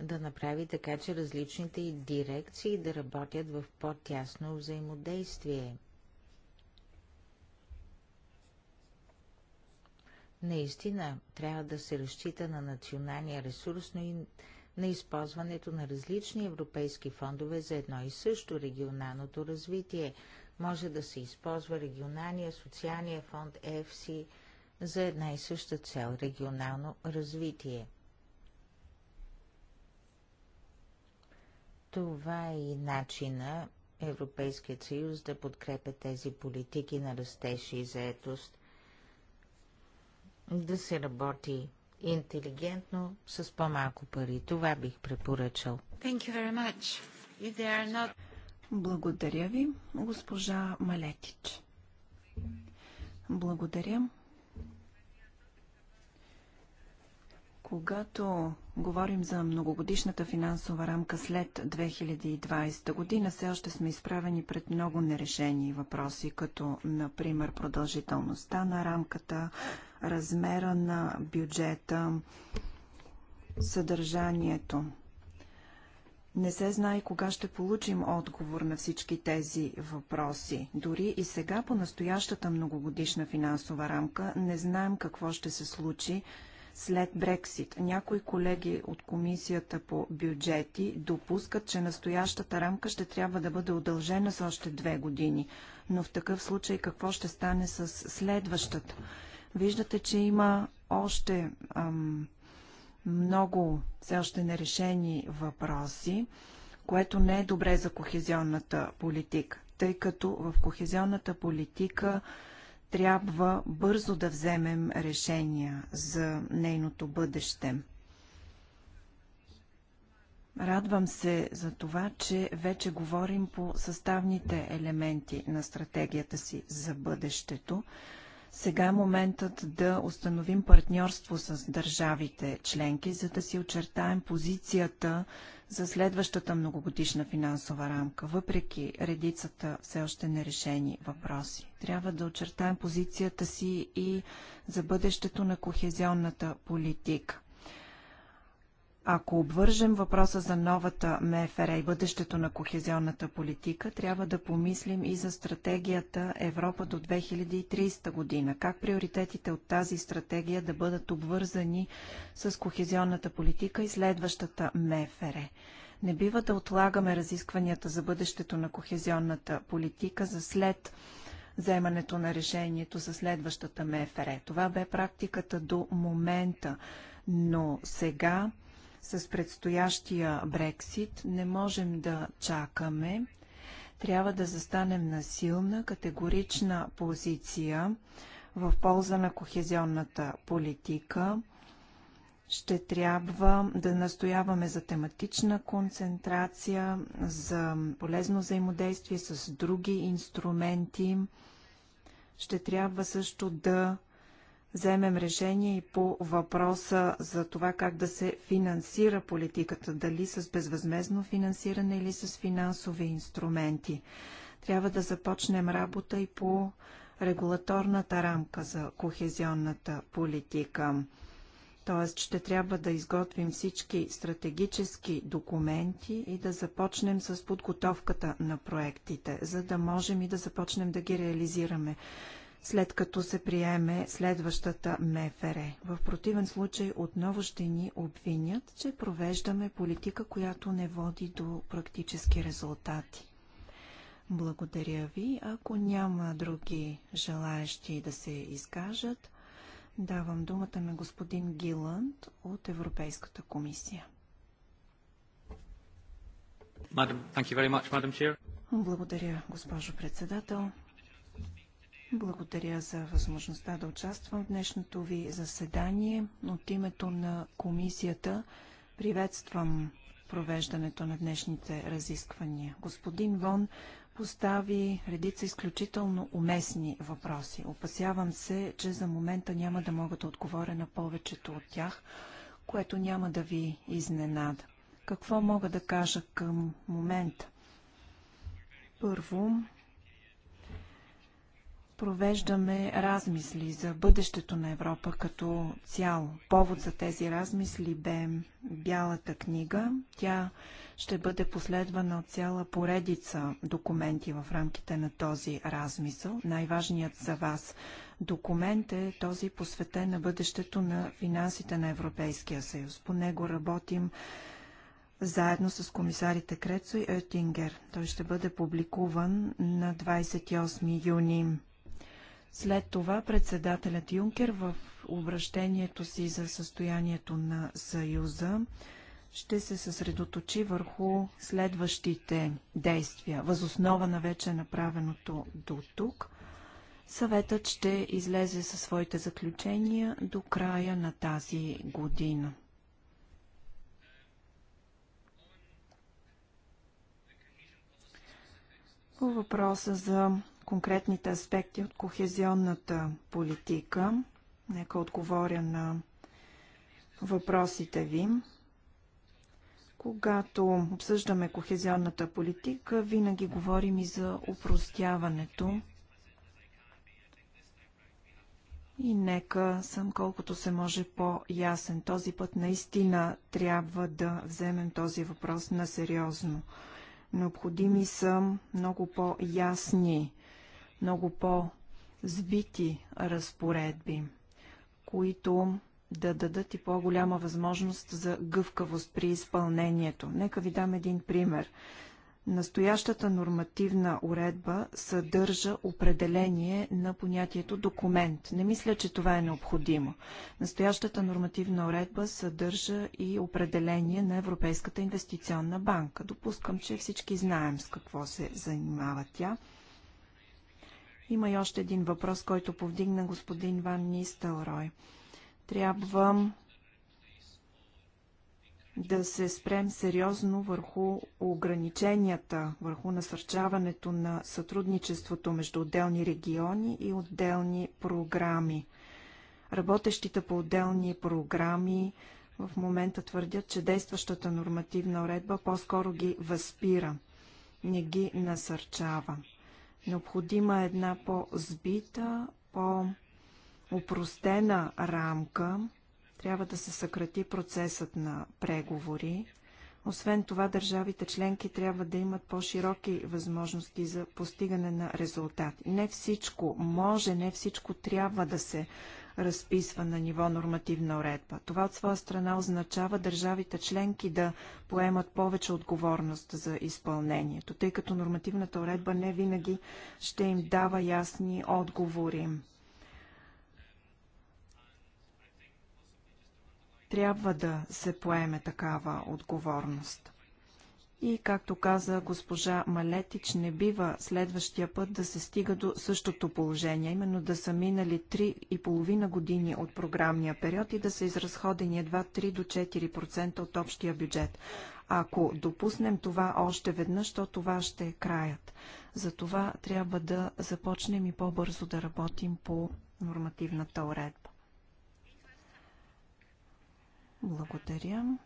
да направи така, че различните и дирекции да работят в по-тясно взаимодействие. Наистина, трябва да се разчита на националния ресурс, но и на използването на различни европейски фондове за едно и също регионалното развитие. Може да се използва регионалния, социалния фонд ЕФСИ за една и съща цел – регионално развитие. Това е и начина Европейският съюз да подкрепя тези политики на растеж и заетост, да се работи интелигентно с по-малко пари. Това бих препоръчал. Not... Благодаря ви, госпожа Малетич. Благодаря. Когато говорим за многогодишната финансова рамка след 2020 година, все още сме изправени пред много нерешени въпроси, като например продължителността на рамката, размера на бюджета, съдържанието. Не се знае кога ще получим отговор на всички тези въпроси. Дори и сега по настоящата многогодишна финансова рамка не знаем какво ще се случи след Брексит. Някои колеги от Комисията по бюджети допускат, че настоящата рамка ще трябва да бъде удължена с още две години. Но в такъв случай какво ще стане с следващата? Виждате, че има още ам, много все още нерешени въпроси, което не е добре за кохезионната политика, тъй като в кохезионната политика трябва бързо да вземем решения за нейното бъдеще. Радвам се за това, че вече говорим по съставните елементи на стратегията си за бъдещето. Сега е моментът да установим партньорство с държавите членки, за да си очертаем позицията за следващата многогодишна финансова рамка, въпреки редицата все още нерешени въпроси. Трябва да очертаем позицията си и за бъдещето на кохезионната политика. Ако обвържем въпроса за новата МФР и бъдещето на кохезионната политика, трябва да помислим и за стратегията Европа до 2030 година. Как приоритетите от тази стратегия да бъдат обвързани с кохезионната политика и следващата МФР? Не бива да отлагаме разискванията за бъдещето на кохезионната политика за след вземането на решението за следващата МФР. Това бе практиката до момента, но сега с предстоящия Брексит не можем да чакаме. Трябва да застанем на силна, категорична позиция в полза на кохезионната политика ще трябва да настояваме за тематична концентрация, за полезно взаимодействие с други инструменти. Ще трябва също да вземем решение и по въпроса за това как да се финансира политиката, дали с безвъзмезно финансиране или с финансови инструменти. Трябва да започнем работа и по регулаторната рамка за кохезионната политика. Тоест ще трябва да изготвим всички стратегически документи и да започнем с подготовката на проектите, за да можем и да започнем да ги реализираме след като се приеме следващата МФР. В противен случай отново ще ни обвинят, че провеждаме политика, която не води до практически резултати. Благодаря ви. Ако няма други желаящи да се изкажат, давам думата на господин Гиланд от Европейската комисия. Благодаря, госпожо председател. Благодаря за възможността да участвам в днешното ви заседание. От името на комисията приветствам провеждането на днешните разисквания. Господин Вон постави редица изключително уместни въпроси. Опасявам се, че за момента няма да мога да отговоря на повечето от тях, което няма да ви изненада. Какво мога да кажа към момента? Първо, провеждаме размисли за бъдещето на Европа като цяло. Повод за тези размисли бе Бялата книга. Тя ще бъде последвана от цяла поредица документи в рамките на този размисъл. Най-важният за вас документ е този посветен на бъдещето на финансите на Европейския съюз. По него работим заедно с комисарите Крецо и Оттингер. Той ще бъде публикуван на 28 юни. След това председателят Юнкер в обращението си за състоянието на Съюза ще се съсредоточи върху следващите действия. Възоснова на вече направеното до тук, съветът ще излезе със своите заключения до края на тази година. По въпроса за конкретните аспекти от кохезионната политика. Нека отговоря на въпросите ви. Когато обсъждаме кохезионната политика, винаги говорим и за упростяването. И нека съм колкото се може по-ясен. Този път наистина трябва да вземем този въпрос на сериозно. Необходими са много по-ясни много по-звити разпоредби, които да дадат и по-голяма възможност за гъвкавост при изпълнението. Нека ви дам един пример. Настоящата нормативна уредба съдържа определение на понятието документ. Не мисля, че това е необходимо. Настоящата нормативна уредба съдържа и определение на Европейската инвестиционна банка. Допускам, че всички знаем с какво се занимава тя. Има и още един въпрос, който повдигна господин Ван Нистелрой. Трябва да се спрем сериозно върху ограниченията, върху насърчаването на сътрудничеството между отделни региони и отделни програми. Работещите по отделни програми в момента твърдят, че действащата нормативна уредба по-скоро ги възпира, не ги насърчава. Необходима е една по-збита, по-упростена рамка. Трябва да се съкрати процесът на преговори. Освен това, държавите членки трябва да имат по-широки възможности за постигане на резултати. Не всичко може, не всичко трябва да се разписва на ниво нормативна уредба. Това от своя страна означава държавите членки да поемат повече отговорност за изпълнението, тъй като нормативната уредба не винаги ще им дава ясни отговори. Трябва да се поеме такава отговорност. И, както каза госпожа Малетич, не бива следващия път да се стига до същото положение, именно да са минали 3,5 години от програмния период и да са изразходени едва 3 до 4% от общия бюджет. Ако допуснем това още веднъж, то това ще е краят. За това трябва да започнем и по-бързо да работим по нормативната уредба. Благодаря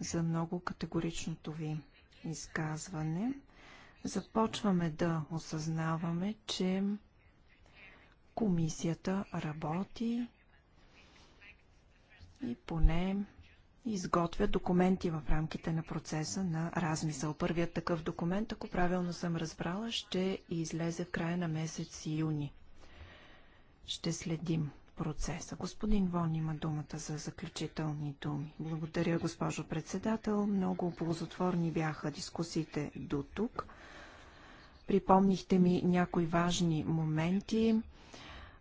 за много категоричното ви изказване. Започваме да осъзнаваме, че комисията работи и поне изготвя документи в рамките на процеса на размисъл. Първият такъв документ, ако правилно съм разбрала, ще излезе в края на месец юни. Ще следим процеса. Господин Вон има думата за заключителни думи. Благодаря, госпожо председател. Много ползотворни бяха дискусиите до тук. Припомнихте ми някои важни моменти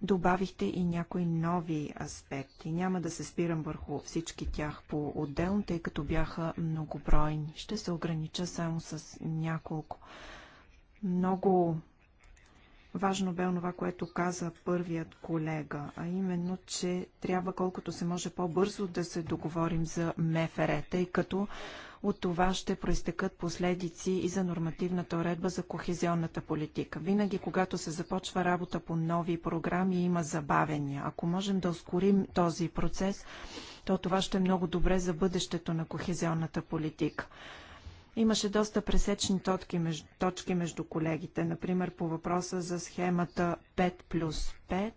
добавихте и някои нови аспекти. Няма да се спирам върху всички тях по-отделно, тъй като бяха многобройни. Ще се огранича само с няколко. Много Важно бе онова, което каза първият колега, а именно, че трябва колкото се може по-бързо да се договорим за МФР, тъй като от това ще проистекат последици и за нормативната уредба за кохезионната политика. Винаги, когато се започва работа по нови програми, има забавения. Ако можем да ускорим този процес, то това ще е много добре за бъдещето на кохезионната политика. Имаше доста пресечни точки между, точки между колегите, например по въпроса за схемата 5 плюс 5.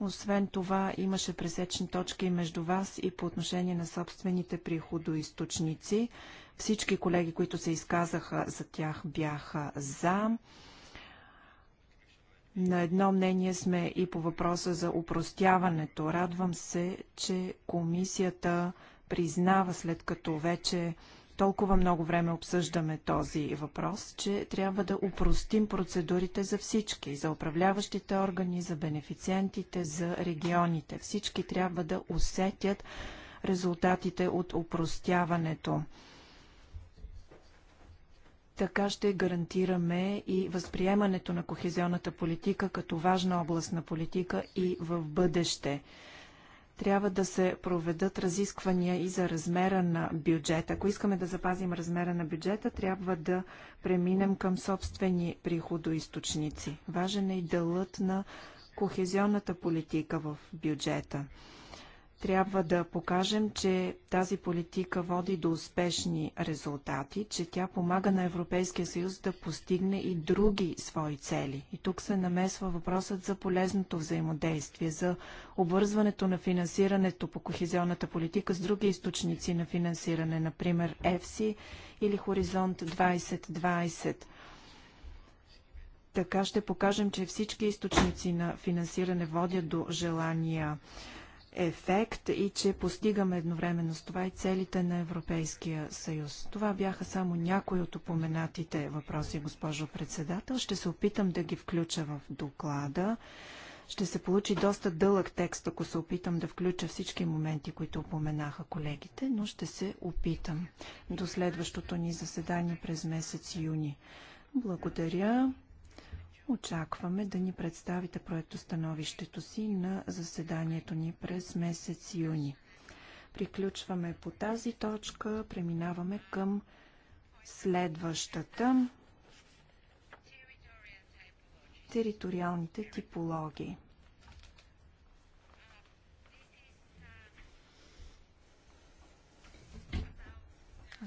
Освен това, имаше пресечни точки между вас и по отношение на собствените приходоисточници. Всички колеги, които се изказаха за тях, бяха за. На едно мнение сме и по въпроса за упростяването. Радвам се, че комисията признава, след като вече толкова много време обсъждаме този въпрос, че трябва да упростим процедурите за всички, за управляващите органи, за бенефициентите, за регионите. Всички трябва да усетят резултатите от упростяването. Така ще гарантираме и възприемането на кохезионната политика като важна областна политика и в бъдеще трябва да се проведат разисквания и за размера на бюджета. Ако искаме да запазим размера на бюджета, трябва да преминем към собствени приходоисточници. Важен е и делът на кохезионната политика в бюджета. Трябва да покажем, че тази политика води до успешни резултати, че тя помага на Европейския съюз да постигне и други свои цели. И тук се намесва въпросът за полезното взаимодействие, за обвързването на финансирането по кохезионната политика с други източници на финансиране, например ЕФСИ или Хоризонт 2020. Така ще покажем, че всички източници на финансиране водят до желания ефект и че постигаме едновременно с това и целите на Европейския съюз. Това бяха само някои от упоменатите въпроси, госпожо председател. Ще се опитам да ги включа в доклада. Ще се получи доста дълъг текст, ако се опитам да включа всички моменти, които упоменаха колегите, но ще се опитам до следващото ни заседание през месец юни. Благодаря. Очакваме да ни представите проектостановището си на заседанието ни през месец юни. Приключваме по тази точка, преминаваме към следващата териториалните типологии.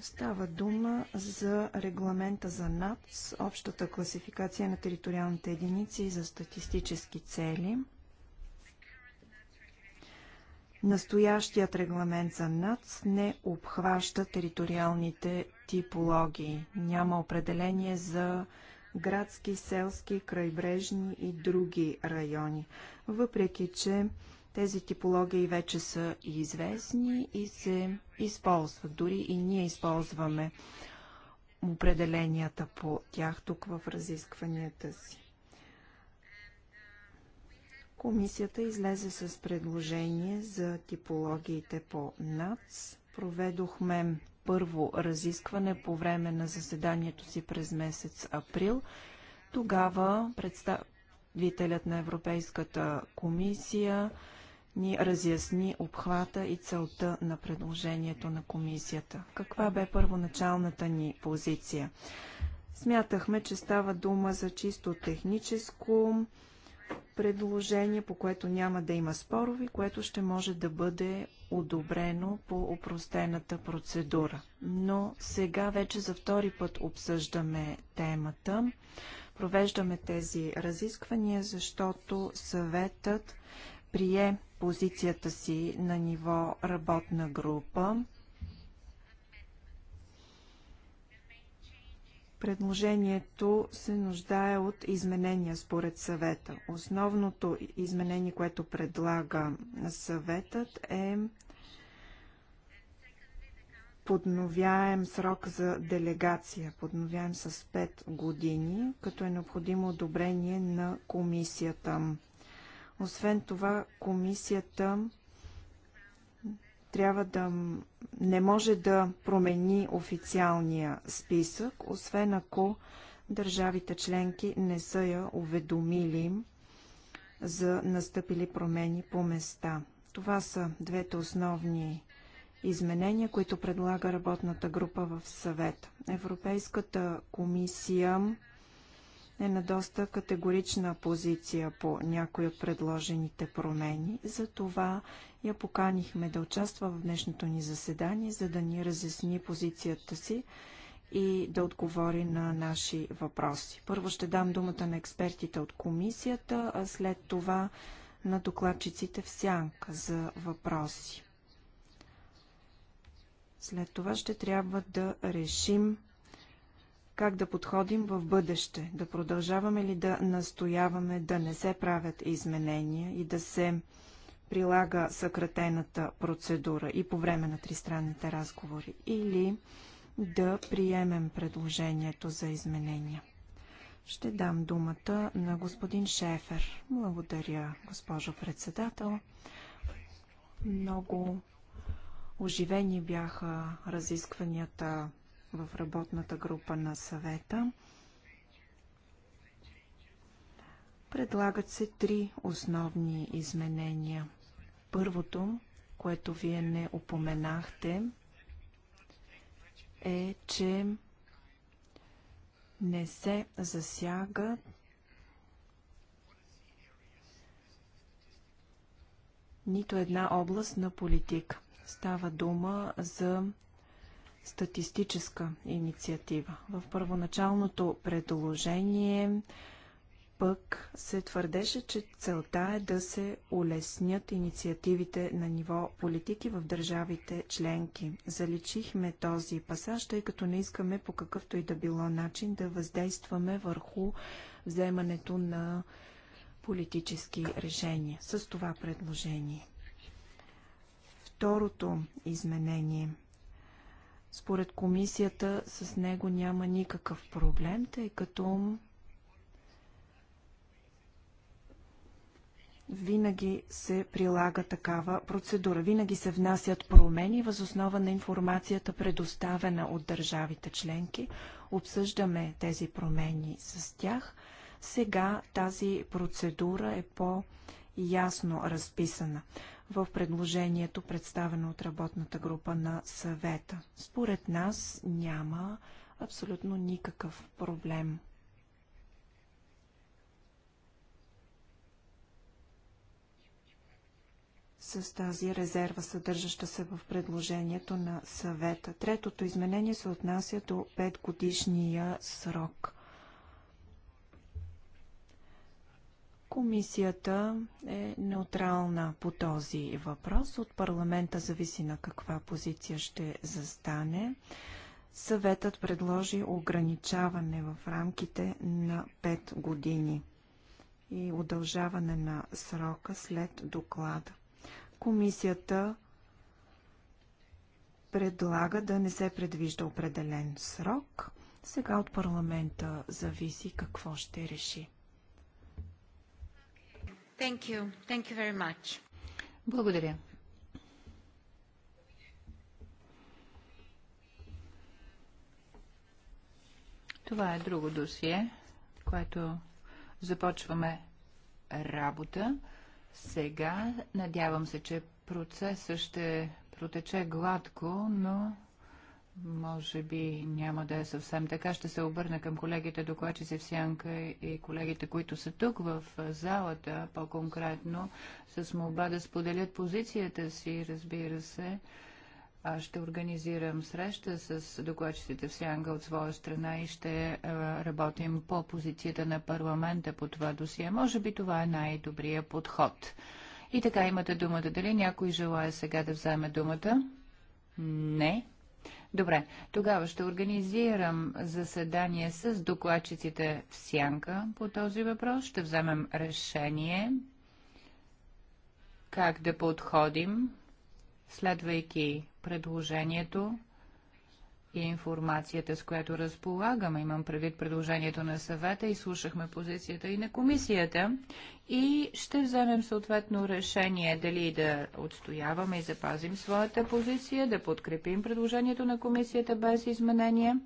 Става дума за регламента за НАПС, общата класификация на териториалните единици за статистически цели. Настоящият регламент за НАЦ не обхваща териториалните типологии. Няма определение за градски, селски, крайбрежни и други райони. Въпреки, че тези типологии вече са известни и се използват. Дори и ние използваме определенията по тях тук в разискванията си. Комисията излезе с предложение за типологиите по НАЦ. Проведохме първо разискване по време на заседанието си през месец април. Тогава представителят на Европейската комисия ни разясни обхвата и целта на предложението на комисията. Каква бе първоначалната ни позиция? Смятахме, че става дума за чисто техническо предложение, по което няма да има спорови, което ще може да бъде одобрено по упростената процедура. Но сега вече за втори път обсъждаме темата. Провеждаме тези разисквания, защото съветът прие позицията си на ниво работна група. Предложението се нуждае от изменения според съвета. Основното изменение, което предлага съветът е подновяем срок за делегация, подновяем с 5 години, като е необходимо одобрение на комисията. Освен това, комисията трябва да не може да промени официалния списък, освен ако държавите членки не са я уведомили за настъпили промени по места. Това са двете основни изменения, които предлага работната група в съвет. Европейската комисия е на доста категорична позиция по някои от предложените промени. Затова я поканихме да участва в днешното ни заседание, за да ни разясни позицията си и да отговори на наши въпроси. Първо ще дам думата на експертите от комисията, а след това на докладчиците в сянка за въпроси. След това ще трябва да решим как да подходим в бъдеще, да продължаваме ли да настояваме да не се правят изменения и да се прилага съкратената процедура и по време на тристранните разговори, или да приемем предложението за изменения. Ще дам думата на господин Шефер. Благодаря, госпожо председател. Много оживени бяха разискванията в работната група на съвета. Предлагат се три основни изменения. Първото, което вие не упоменахте, е, че не се засяга, нито една област на политика. Става дума за статистическа инициатива. В първоначалното предложение пък се твърдеше, че целта е да се улеснят инициативите на ниво политики в държавите членки. Заличихме този пасаж, тъй като не искаме по какъвто и да било начин да въздействаме върху вземането на политически решения с това предложение. Второто изменение – според комисията с него няма никакъв проблем, тъй като винаги се прилага такава процедура. Винаги се внасят промени въз основа на информацията, предоставена от държавите членки. Обсъждаме тези промени с тях. Сега тази процедура е по ясно разписана в предложението, представено от работната група на съвета. Според нас няма абсолютно никакъв проблем. с тази резерва, съдържаща се в предложението на съвета. Третото изменение се отнася до 5 годишния срок. Комисията е неутрална по този въпрос. От парламента зависи на каква позиция ще застане. Съветът предложи ограничаване в рамките на 5 години и удължаване на срока след доклада. Комисията предлага да не се предвижда определен срок. Сега от парламента зависи какво ще реши. Thank you. Thank you very much. Благодаря. Това е друго досие, което започваме работа. Сега надявам се, че процесът ще протече гладко, но може би няма да е съвсем така. Ще се обърна към колегите докладчици в Сянка и колегите, които са тук в залата, по-конкретно, с молба да споделят позицията си, разбира се. Аз ще организирам среща с докладчиците в Сянка от своя страна и ще работим по позицията на парламента по това досие. Може би това е най-добрия подход. И така имате думата. Дали някой желая сега да вземе думата? Не. Добре, тогава ще организирам заседание с докладчиците в Сянка по този въпрос. Ще вземем решение как да подходим, следвайки предложението и информацията, с която разполагаме. Имам предвид предложението на съвета и слушахме позицията и на комисията и ще вземем съответно решение дали да отстояваме и запазим своята позиция, да подкрепим предложението на комисията без изменения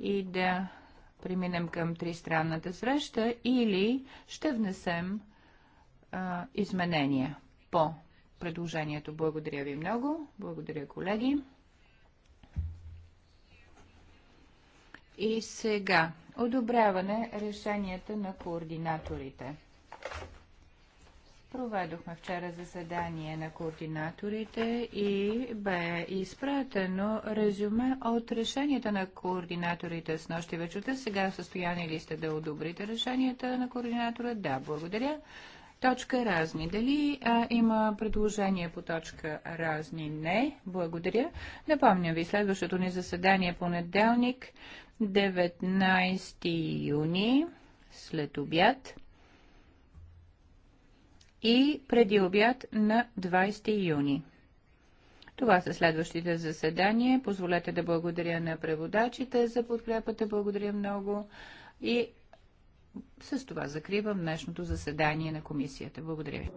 и да преминем към тристранната среща или ще внесем а, изменения по предложението. Благодаря ви много. Благодаря, колеги. И сега, одобряване решенията на координаторите. Проведохме вчера заседание на координаторите и бе изпратено резюме от решенията на координаторите с нощи вечерта. Сега в състояние ли сте да одобрите решенията на координатора? Да, благодаря. Точка разни. Дали а, има предложение по точка разни? Не. Благодаря. Напомням ви, следващото ни заседание е понеделник. 19 юни след обяд и преди обяд на 20 юни. Това са следващите заседания. Позволете да благодаря на преводачите за подкрепата. Благодаря много. И с това закривам днешното заседание на комисията. Благодаря ви.